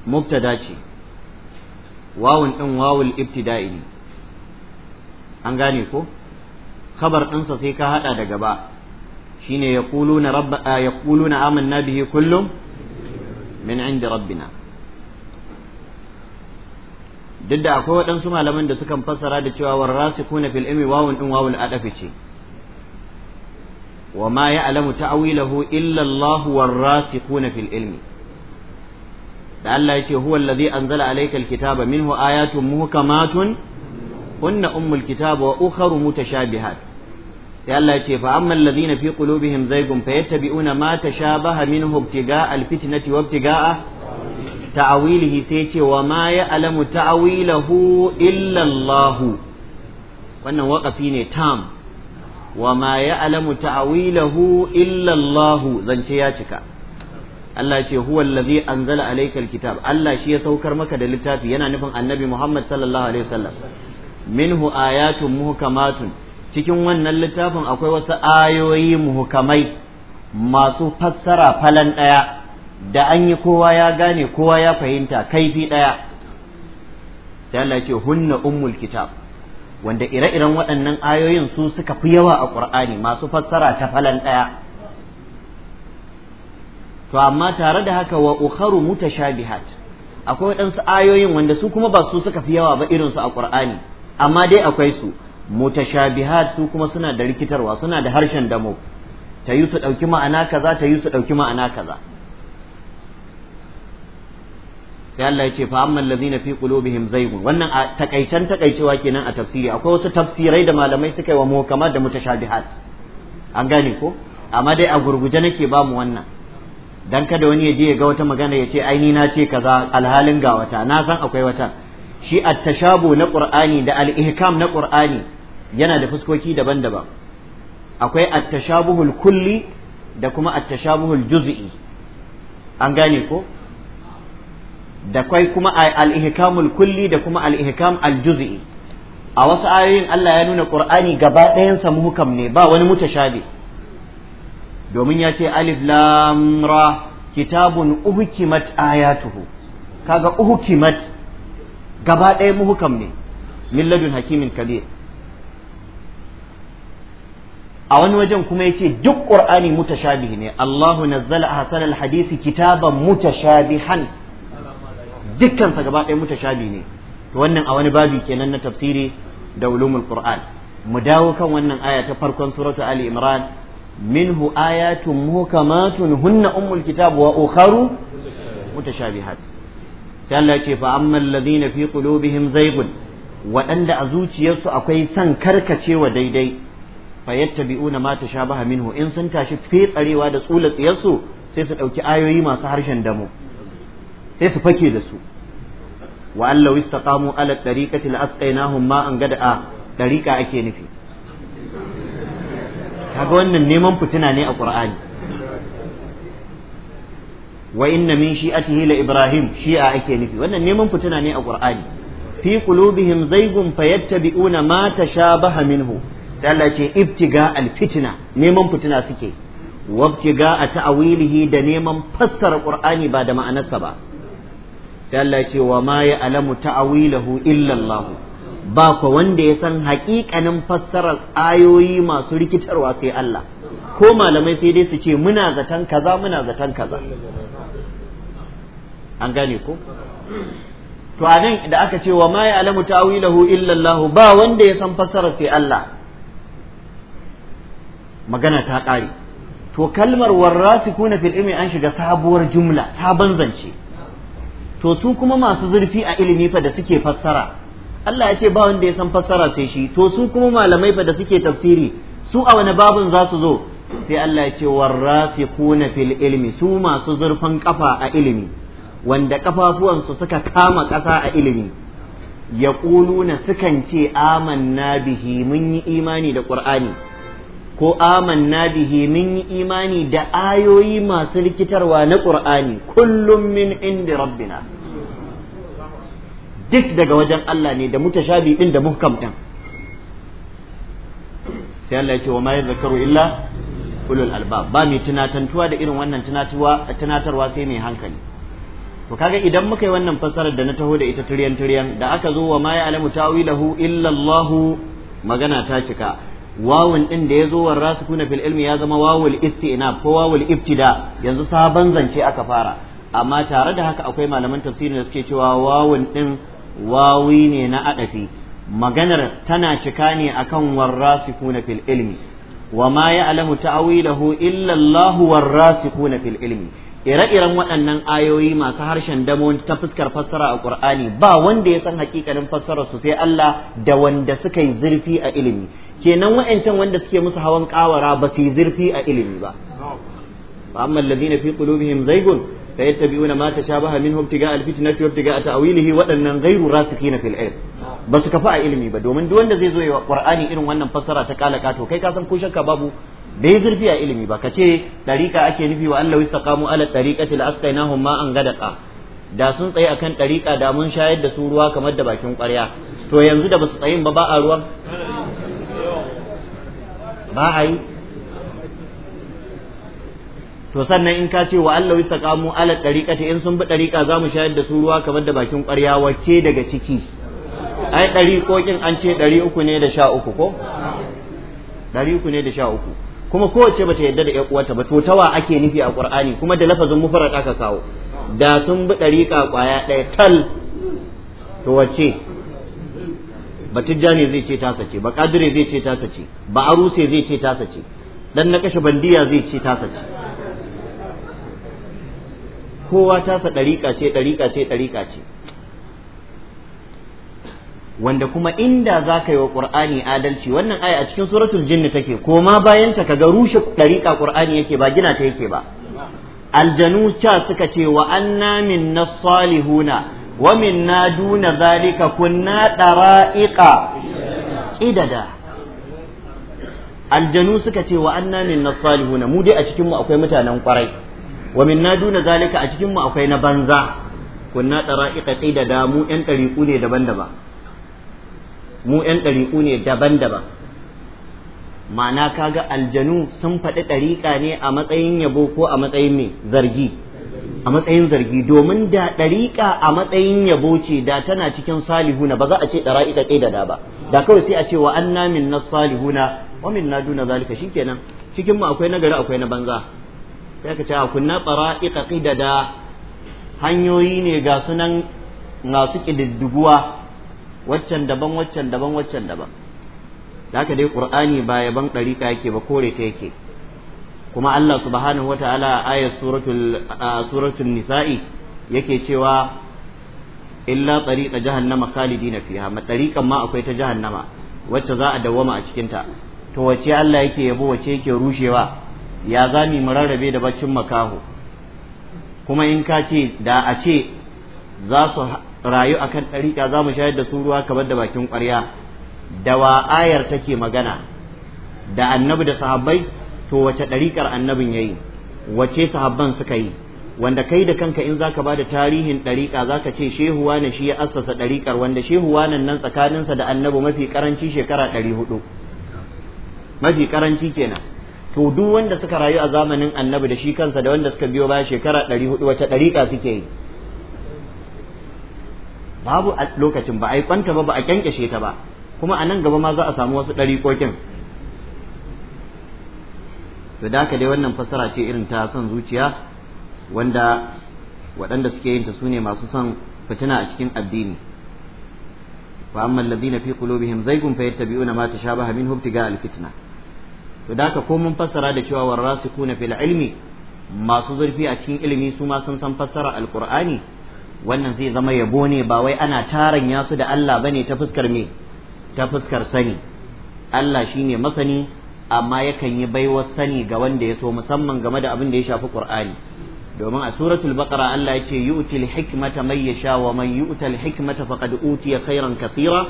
mubtada ce wawun din wawul ibtida'i ne an gane ko khabar ɗinsa sai ka haɗa da gaba shine yaquluna rabba yaquluna amanna bihi kullum min duk da akwai waɗansu malaman da sukan fassara da cewa warrasikuna fil ilmi wawun ɗin wawul adafi ce wa ma ya'lamu ta'wilahu illa Allah war-rasikhuna fil ilmi da Allah yace huwa allazi anzala alayka al-kitaba minhu ayatun muhkamatun hunna ummul kitaba wa ukharu mutashabihat sai Allah yace fa amma allazina fi qulubihim zaygun fayattabi'una ma baha minhu ibtiga'a al-fitnati wa ibtiga'a ta'awilihi sai yace wa ma ya'lamu ta'wilahu illa Allah wannan waƙafi ne tam wa ma alamu ta'wilahu illallahu zance ya cika Allah ce huwa allazi anzala alayka alkitab Allah shi ya saukar maka da littafi yana nufin annabi Muhammad sallallahu alaihi wasallam minhu ayatun muhkamatun cikin wannan littafin akwai wasu ayoyi hukamai masu fassara falan ɗaya da an yi kowa ya gane kowa ya fahimta kaifi ɗaya. sai Allah hunna ummul wanda ire-iren waɗannan ayoyin su suka fi yawa a ƙur'ani masu fassara ta falan ɗaya to amma tare da haka wa ukharu mutashabihat akwai waɗansu ayoyin wanda su kuma ba su suka fi yawa ba irinsu a ƙur'ani amma dai akwai su mutashabihat su kuma suna da rikitarwa suna da harshen damo ta yi su ɗauki ma'ana kaza ta yi su ɗauki ma'ana kaza sai Allah ya ce fa amman allazina fi qulubihim zaygun wannan a takaitan takaicewa kenan a tafsiri akwai wasu tafsirai da malamai suka yi wa muhkamat da mutashabihat an gane ko amma dai a gurguje nake ba mu wannan dan kada wani ya je ya ga wata magana ya ce ai ni na ce kaza alhalin ga wata na san akwai wata shi at-tashabu na qur'ani da al-ihkam na qur'ani yana da fuskoki daban-daban akwai at-tashabuhul kulli da kuma at-tashabuhul juz'i an gane ko da kwai kuma al kulli da kuma al'ihikam aljuzi al a wasu ayoyin Allah ya nuna Qur'ani gaba ɗayansa muhkam ne ba wani mutashabi domin ya ce alif lam ra kitabun uhkimat ayatuhu kaga uhkimat gaba ɗaya muhkam ne min ladun hakimin kabir a wani wajen kuma yace duk Qur'ani mutashabihi ne Allahu nazzala hasanal hadisi kitaban mutashabihan Dukkansa gaba ɗaya mutashabi ne to wannan a wani babi kenan na tafsiri da ulumul qur'an mu dawo kan wannan aya ta farkon suratu ali imran minhu ayatun muhkamatun hunna ummul kitab wa ukharu mutashabihat sai Allah ce fa ammal ladina fi qulubihim zaygun waɗanda a zuciyarsu akwai san karkacewa daidai fayattabi'una ma tashabaha minhu in sun tashi fetsarewa da tsula tsiyarsu sai su ɗauki ayoyi masu harshen damo sai su fake da su wa allahu istaqamu ala tariqati la asqainahum ma an gada ɗariƙa ake nufi kaga wannan neman fitina ne a qur'ani wa inna min shi'atihi hila ibrahim shi'a ake nufi wannan neman fitina ne a qur'ani fi qulubihim zaygun fayattabi'una ma tashabaha minhu sai Allah ce ibtiga alfitina neman fitina suke wabtiga a ta'awilihi da neman fassara qur'ani ba da ma'anarsa ba sai Allah ce wa ma ya alamu ta'awilahu illa ba ko wanda ya san haƙiƙanin fassarar ayoyi masu rikitarwa sai Allah ko malamai sai dai su ce muna zaton kaza muna zaton kaza an gane ko to anan da aka ce wa ma ya alamu ta'awilahu illa ba wanda ya san fassarar sai Allah magana ta ƙare to kalmar warrasikuna fil ilmi an shiga sabuwar jumla sabon zance to su kuma masu zurfi a ilimi fa da suke fassara Allah ya ce ba wanda ya san fassara sai shi to su kuma malamai fa da suke tafsiri su a wani babin za su zo sai Allah ya ce warrasikhuna fil ilmi su masu zurfan kafa a ilimi wanda su suka kama ƙasa a ilimi yaquluna sukan ce amanna bihi mun yi imani da qur'ani ko amanna bihi mun yi imani da ayoyi masu rikitarwa na qur'ani kullum min indi rabbina duk daga wajen Allah ne da mutashabi din da muhkam din sai Allah ya ce wa ma yadhkaru illa ulul albab ba mai tunatantuwa da irin wannan tunatarwa sai mai hankali to kaga idan muka yi wannan fassarar da na taho da ita turiyan turiyan da aka zo wa ma ya'lamu ta'wilahu illa Allah magana ta cika wawul din da ya zo war fil ilmi ya zama wawul istinab ko wawul ibtida yanzu sabon zance aka fara amma tare da haka akwai malaman tafsirin da suke cewa wawul din wawi ne na adafi maganar tana cika ne akan warasikuna fil ilmi wa ma alamu ta'wilahu illa Allah warasikuna fil ilmi ire-iren waɗannan ayoyi masu harshen damo ta fuskar fassara a Qur'ani ba wanda ya san hakikanin fassarar su sai Allah da wanda suka yi zurfi a ilimi kenan wa'ancan wanda suke musu hawan kawara ba su yi zurfi a ilimi ba amma allazina fi qulubihim zaygun fayattabi'una ma tashabaha minhu ibtiga'a alfitnati wa a ta'wilihi waɗannan ghayru rasikhina fil ilm ba su kafa a ilimi ba domin duk wanda zai zo ya ƙurani irin wannan fassara ta kalaka to kai ka san ko shakka babu bai zurfi a ilimi ba ka ce ɗariƙa ake nufi wa Allah istaqamu ala tariqati la'asqainahum ma an gadaqa da sun tsaye akan ɗariƙa da mun shayar da su ruwa kamar da bakin ƙwarya to yanzu da basu tsayin ba ba a ruwan ba a yi to sannan in ka ce wa Allah istaqamu ala ta in sun bi ɗariƙa za mu shayar da su ruwa kamar da bakin ƙwarya wacce daga ciki ai ɗari an ce ɗari uku ne da sha uku ko ɗari uku ne da sha uku kuma kowace bata yadda da ƴan uwarta ba to tawa ake nufi a qur'ani kuma da lafazin mufrad aka kawo da sun bi dariƙa ƙwaya ɗaya tal to wace ba tijjani zai ce tasa ce ba kadire zai ce tasa ce ba aruse zai ce tasa ce dan na kashe bandiya zai ce tasa ce kowa tasa ɗariƙa ce ɗariƙa ce ɗariƙa ce wanda kuma inda za ka yi wa ƙur'ani adalci wannan aya a cikin suratul jinni take ko ma bayan ka ga rushe ɗariƙa ƙur'ani yake ba gina ta yake ba aljanu ca suka ce wa anna minna salihuna wa min na duna zalika kunna dara'iqa idada aljanu suka ce wa anna minna salihuna mu dai a cikin mu akwai mutanen kwarai wa min na duna zalika a cikin mu akwai na banza kunna dara'iqa idada mu yan ɗariƙu ne daban-daban mu yan ɗariƙu ne daban-daban ma'ana kaga aljanu sun faɗi ɗariƙa ne a matsayin yabo ko a matsayin mai zargi a matsayin zargi domin da ɗariƙa a matsayin yabo ce da tana cikin salihuna ba za a ce ɗara'ika da ba da kawai sai a ce wa anna na salihuna wa min na duna zalika shikenan cikin mu akwai nagari akwai na banza sai ka ce a kunna ɗara'iƙa da, hanyoyi ne ga sunan masu ƙididduguwa waccan daban waccan daban waccan daban da haka dai qur'ani ba yaban dariƙa yake ba kore ta yake kuma Allah subhanahu wata'ala a ayat suratul suratul nisa'i yake cewa illa tariqa jahannama khalidina fiha ma tariqan ma akwai ta jahannama wacce za a dawwama a cikin ta to wace Allah yake yabo wace yake rushewa ya zami mu rarrabe da baccin makaho kuma in ka ce da a ce za su rayu akan ɗariƙa za mu shayar da su ruwa kamar da bakin ƙwarya da wa ayar take magana da annabi da sahabbai to wace ɗariƙar annabin ya yi wace sahabban suka yi wanda kai da kanka in zaka ba da tarihin ɗariƙa zaka ce shehuwa na shi ya assasa ɗariƙar wanda shehuwa na nan tsakaninsa da annabi mafi karanci shekara ɗari hudu mafi karanci kenan to duk wanda suka rayu a zamanin annabi da shi kansa da wanda suka biyo baya shekara ɗari hudu wace ɗariƙa suke yi babu a lokacin ba a yi kwanta ba ba a kyankyashe ta ba kuma a nan gaba ma za a samu wasu ɗariƙokin to da haka dai wannan fassara ce irin ta son zuciya wanda waɗanda suke yin ta su ne masu son fitina a cikin addini wa amma allazina fi qulubihim zaygun fayattabi'una ma tashabaha minhu ibtiga al-fitna to da haka ko mun fassara da cewa warasikuna fil ilmi masu zurfi a cikin ilimi su ma sun san fassara alqur'ani wannan zai zama yabo ne ba wai ana taran su da Allah bane ta fuskar me ta fuskar sani Allah shine masani amma yakan yi baiwar sani ga wanda ya so musamman game da abin da ya shafi Qur'ani domin a suratul baqara Allah ya ce yu'til hikmata man yasha wa man yu'tal hikmata faqad utiya khairan kathira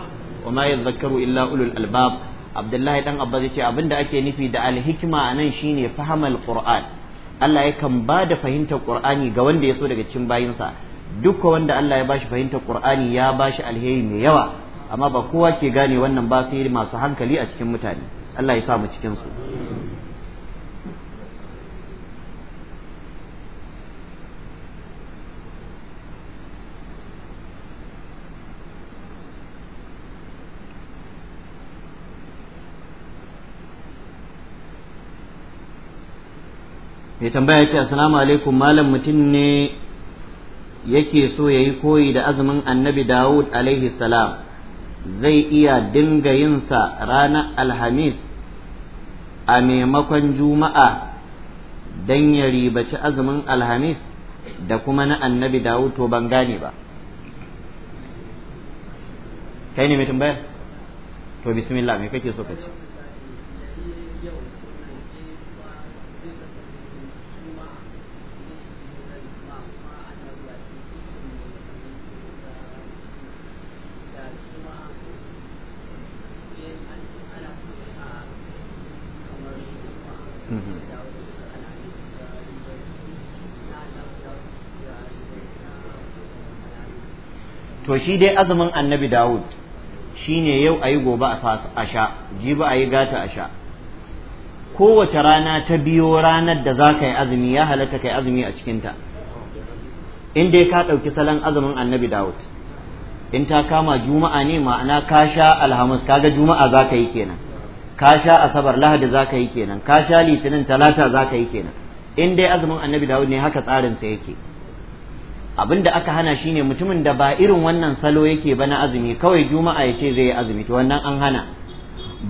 wa ma yadhakkaru illa ulul albab Abdullahi dan Abbas ya ce abin da ake nufi da alhikma anan shine fahamal Qur'an Allah yakan ba da fahimtar Qur'ani ga wanda ya so daga cikin bayinsa dukkan wanda Allah ya bashi fahimtar Qur'ani ya bashi alheri mai yawa amma ba kowa ke gane wannan ba sai masu hankali a cikin mutane Allah ya sa mu cikin su mai tambaya ce assalamu alaikum malam mutum ne yake so ya yi koyi da azumin annabi Dawud alaihi salam zai iya dinga yinsa ranar alhamis a maimakon juma'a don ya ribaci azumin alhamis da kuma na annabi Dawud to ban gane ba kai ne mutum bai to bismillah me kake so ka ce to shi dai azumin annabi dawud shine yau a yi gobe a sha jibi a yi gata a sha kowace rana ta biyo ranar da za ka yi azumi ya halatta ka yi azumi a cikinta in dai ka ɗauki salon azumin annabi dawud in ta kama juma'a ne ma'ana ka sha alhamis kaga juma'a za ka yi kenan ka sha asabar lahadi za ka yi kenan ka sha litinin talata za ka yi kenan in dai azumin annabi dawud ne haka tsarinsa yake abin da aka hana shine mutumin da ba irin wannan salo yake ba na azumi kawai juma'a ya ce zai yi azumi to wannan an hana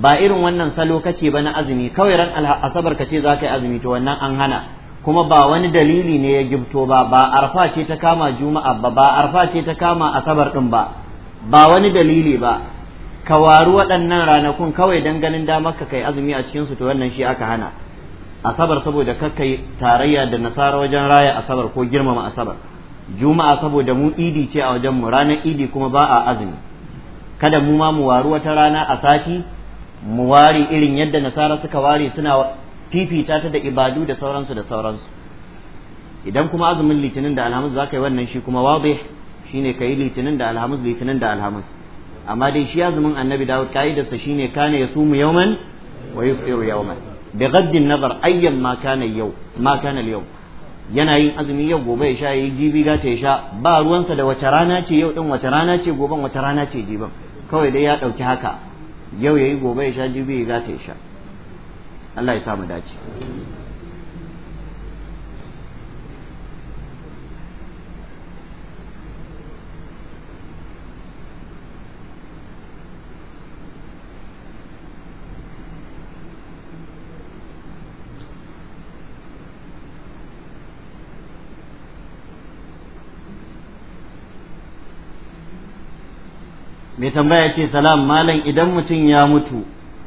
ba irin wannan salo kake ba na azumi kawai ran asabar ka ce za ka yi azumi to wannan an hana kuma ba wani dalili ne ya gibto ba ba arfa ce ta kama juma'a ba ba arfa ce ta kama asabar din ba ba wani dalili ba ka waru waɗannan ranakun kawai dan ganin damar ka kai azumi a cikin su to wannan shi aka hana asabar saboda kakkai tarayya da nasara wajen raya asabar ko girmama asabar juma'a saboda mu idi ce a wajen mu ranar idi kuma ba a azumi kada mu ma mu waru wata rana a sati mu ware irin yadda nasara suka ware suna fifita ta da ibadu da sauransu da sauransu idan kuma azumin litinin da alhamis za ka yi wannan shi kuma wabe ne ka yi litinin da alhamis litinin da alhamis amma dai shi azumin annabi dawud ka'idarsa ne kane ya sumu yauman wa yufṭiru yauman bi gaddin nazar ayyan ma kana yau ma kana yana yin azumi yau gobe ya sha yi jibi gata ya sha ba ruwansa da wace rana ce yau din wace rana ce goben wace rana ce jiban kawai dai ya ɗauki haka yau yayi gobe ya sha jibi ya gata ya sha Allah ya sa mu dace mai tambaya ce salam malam idan mutum ya mutu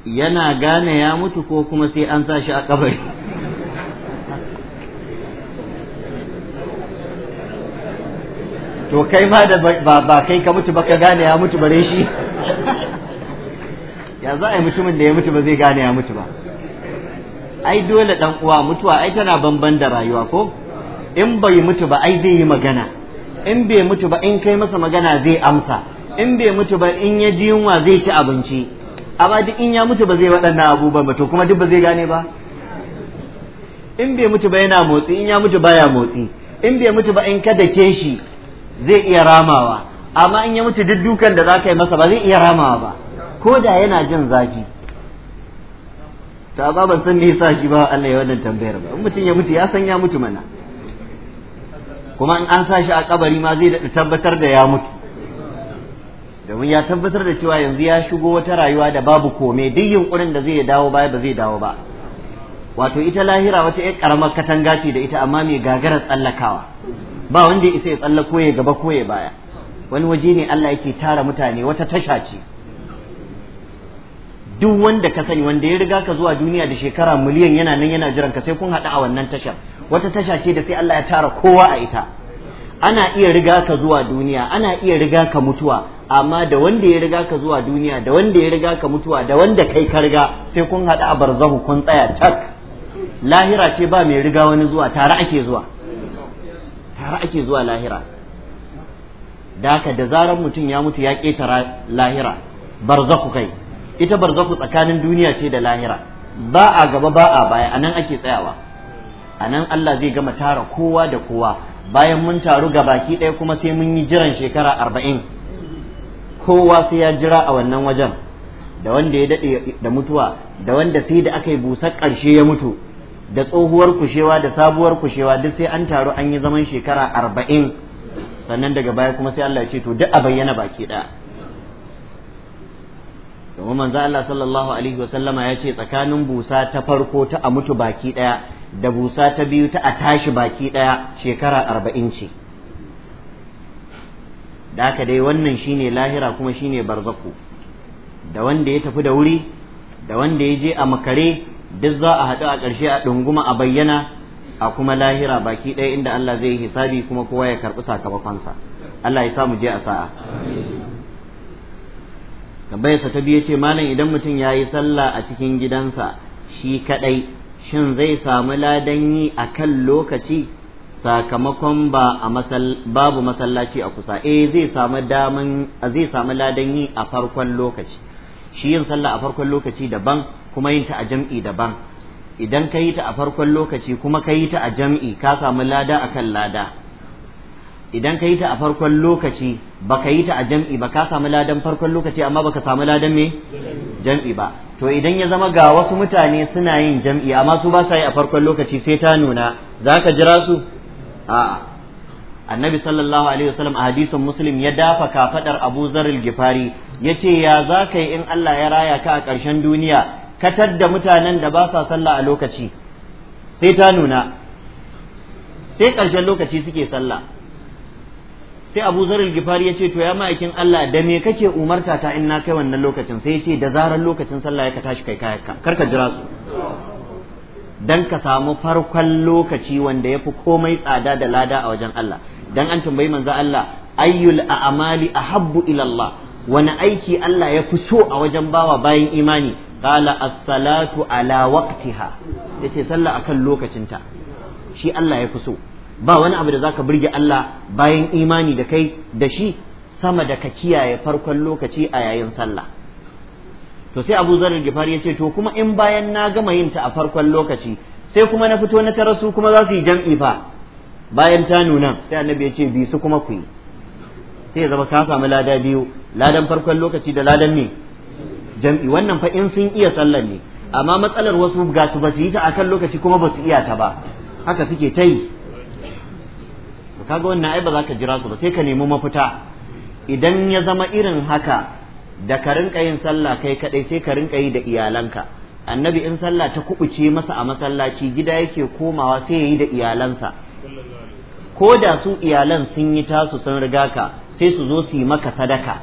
yana gane ya mutu ko kuma sai an sa shi a kabari [laughs] to kai ma da ba kai ka mutu ba ka gane ya mutu bare shi [laughs] ya za a yi mutumin da ya mutu ba zai gane ya mutu ba ai dole dan uwa mutuwa ai tana bamban da rayuwa ko in bai mutu ba ai zai yi magana in bai mutu ba in kai masa magana zai amsa in bai mutu ba in ya ji yunwa zai ci abinci amma duk in ya mutu ba zai waɗannan abubuwan ba to kuma duk ba zai gane ba in bai mutu ba yana motsi in ya mutu baya motsi in bai mutu ba in kada ke shi zai iya ramawa amma in ya mutu duk dukan da za yi masa ba zai iya ramawa ba ko da yana jin zafi ta ba ban san me yasa shi ba Allah ya wannan tambayar ba in mutum ya mutu ya san ya mutu mana kuma in an sa shi a kabari ma zai tabbatar da ya mutu domin ya tabbatar da cewa yanzu ya shigo wata rayuwa da babu kome duk yunkurin da zai dawo baya ba zai dawo ba wato ita lahira wata ƴar karamar katanga ce da ita amma mai gagarar tsallakawa ba wanda isa ya tsallako ya gaba ko ya baya wani waje ne Allah yake tara mutane wata tasha ce duk wanda ka sani wanda ya riga ka zuwa duniya da shekara miliyan yana nan yana jiran ka sai kun haɗu a wannan tashar wata tasha ce da sai Allah ya tara kowa a ita ana iya riga ka zuwa duniya ana iya riga ka mutuwa amma da wanda ya riga ka zuwa duniya da wanda ya riga ka mutuwa da wanda kai ka riga sai kun haɗu a barzahu kun tsaya cak lahira ce ba mai riga wani zuwa tare ake zuwa tare ake zuwa lahira da haka da zarar mutum ya mutu ya ƙetara lahira barzahu kai ita barzahu tsakanin duniya ce da lahira ba a gaba ba a baya anan ake tsayawa anan Allah zai gama tara kowa da kowa bayan mun taru ga baki ɗaya kuma sai mun yi jiran shekara arba'in kowa sai ya jira a wannan wajen da wanda ya daɗe da mutuwa da wanda sai da aka yi busar ƙarshe ya mutu da tsohuwar kushewa da sabuwar kushewa duk sai an taru an yi zaman shekara arba'in sannan daga baya kuma sai Allah ya ce to duk a bayyana baki ɗaya domin manzo Allah sallallahu alaihi wasallama ya ce tsakanin busa ta farko ta a mutu baki ɗaya da busa ta biyu ta a tashi baki ɗaya shekara arba'in ce da aka dai wannan shine lahira kuma shine barzaku da wanda ya tafi da wuri da wanda ya je a makare duk za a haɗu a ƙarshe a ɗunguma a bayyana a kuma lahira baki ɗaya inda Allah zai yi hisabi kuma kowa ya karɓi sakamakonsa Allah ya sa mu je a sa'a tambayarsa ta biyu ce malam idan mutum ya yi sallah a cikin gidansa shi kaɗai shin zai samu ladan yi a kan lokaci sakamakon ba a masal babu masallaci a kusa eh zai samu daman zai samu ladan yi a farkon lokaci shi yin sallah a farkon lokaci daban kuma yin ta a jam'i daban idan ka yi ta a farkon lokaci kuma ka yi ta a jam'i ka samu lada akan lada idan ka yi ta a farkon lokaci ba ka yi ta a jam'i ba ka samu ladan farkon lokaci amma ba ka samu ladan me jam'i ba to idan ya zama ga wasu mutane suna yin jam'i amma su ba sa yi a farkon lokaci sai ta nuna za ka jira su a'a annabi sallallahu alaihi wasallam a hadisin muslim ya dafa kafadar abu zaril gifari ya ce ya za ka yi in allah ya raya ka a ƙarshen duniya katar da mutanen da ba sa sallah a lokaci sai ta nuna sai ƙarshen lokaci suke sallah sai Abu Zar gifari ya ce to ya ma'aikin Allah da me kake umarta ta in na kai wannan lokacin sai yace da zarar lokacin sallah ya ka tashi kai ka kar ka jira su dan ka samu farkon lokaci wanda yafi komai tsada da lada a wajen Allah dan an tambayi manza Allah ayyul a'mali a habbu Allah wani aiki Allah ya fi so a wajen bawa bayan imani qala as ala waqtiha yace sallah akan lokacinta shi Allah ya fi so ba wani abu da zaka burge Allah bayan imani da kai da shi sama da ka kiyaye farkon lokaci a yayin sallah to sai Abu Zar Gifari ya ce to kuma in bayan na gama yin ta a farkon lokaci sai kuma na fito na su kuma za su yi jam'i fa bayan ta nuna sai annabi ya ce bi su kuma ku yi sai ya zama ka samu lada biyu ladan farkon lokaci da ladan ne jam'i wannan fa in sun iya sallar ne amma matsalar wasu ga su ba su yi ta akan lokaci kuma ba su iya ta ba haka suke ta yi kaga wannan ai ba za ka jira su ba sai ka nemi mafita idan ya zama irin haka da ka rinka yin sallah kai kadai sai ka rinka yi da iyalanka annabi in sallah ta kubuce masa a masallaci gida yake komawa sai yayi da iyalansa ko da su iyalan sun yi tasu sun riga ka sai su zo su yi maka sadaka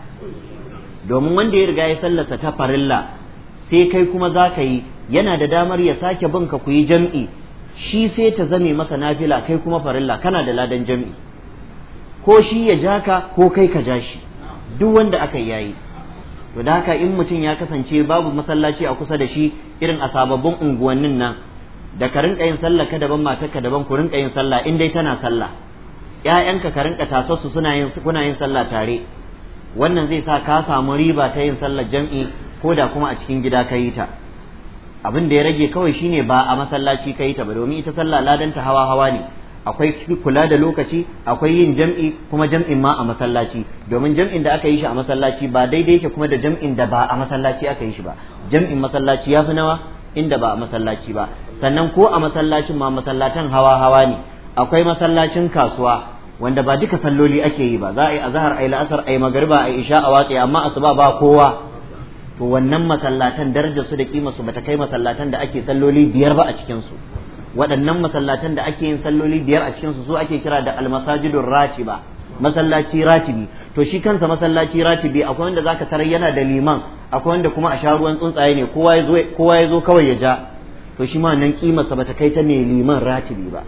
domin wanda ya riga ya sallarsa ta farilla sai kai kuma za ka yi yana da damar ya sake bin ka ku yi jam'i shi sai ta zame masa nafila kai kuma farilla kana da ladan jam'i. ko shi ya ja ka ko kai ka ja shi duk wanda aka yayi to da haka in mutum ya kasance babu masallaci a kusa da shi irin a sababbin unguwannin nan da ka rinka yin sallah ka daban matarka daban ku rinka yin sallah in dai tana sallah ƴaƴanka ka rinka su suna yin kuna yin sallah tare wannan zai sa ka samu riba ta yin sallah jam'i ko da kuma a cikin gida ka yi ta abin da ya rage kawai shine ba a masallaci kai ta ba domin ita sallah ladanta hawa hawa ne akwai kula da lokaci akwai yin jam'i kuma jam'in ma a masallaci domin jam'in da aka yi shi a masallaci ba daidai yake kuma da jam'in da ba a masallaci aka yi shi ba jam'in masallaci ya fi nawa inda ba a masallaci ba sannan ko a masallacin ma masallatan hawa hawa ne akwai masallacin kasuwa wanda ba duka salloli ake yi ba za a yi azhar a yi la'asar a yi magariba a isha a watsi amma asuba ba kowa to wannan masallatan darajar su da kima su bata kai masallatan da ake salloli biyar ba a cikinsu. waɗannan masallatan da ake yin salloli biyar a cikin su ake kira da almasajidun ratiba masallaci ratibi to shi kansa masallaci ratibi akwai wanda zaka tarar yana da liman akwai wanda kuma a sha tsuntsaye ne kowa ya zo kowa ya zo kawai ya ja to shi ma nan kimarsa bata kai ta ne liman ratibi ba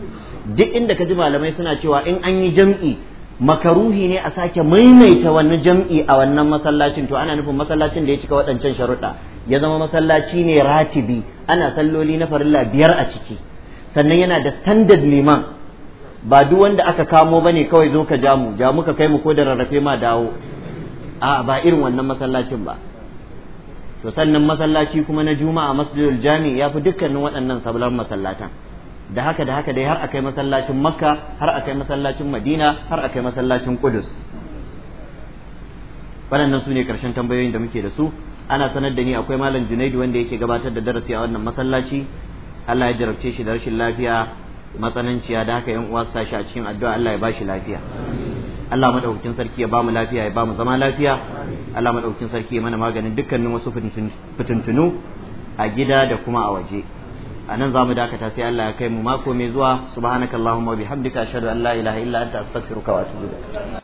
duk inda ka ji malamai suna cewa in an yi jam'i makaruhi ne a sake maimaita wani jam'i a wannan masallacin to ana nufin masallacin da ya cika waɗancan sharuɗa ya zama masallaci ne ratibi ana salloli na farilla biyar a ciki sannan yana da standard liman ba duk wanda aka kamo bane kawai zo ka jamu ja muka kai mu ko da rarrafe ma dawo a ba irin wannan masallacin ba to sannan masallaci kuma na juma'a masjidul jami ya fi dukkanin waɗannan sabulan masallatan da haka da haka dai har akai masallacin makka har akai masallacin madina har akai masallacin kudus waɗannan su ne ƙarshen tambayoyin da muke da su ana sanar da ni akwai malam junaidu wanda yake gabatar da darasi a wannan masallaci allah ya jarabce shi da rashin lafiya matsananciya da haka yan uwa sa shi a cikin addu'a allah ya bashi lafiya allah madaukakin sarki ya bamu lafiya ya bamu zama lafiya allah madaukakin sarki ya mana maganin dukkanin wasu fitintunu a gida da kuma a waje anan zamu dakata sai Allah ya kai mu mako mai zuwa subhanakallahumma wa bihamdika ashhadu an la ilaha illa anta astaghfiruka wa atubu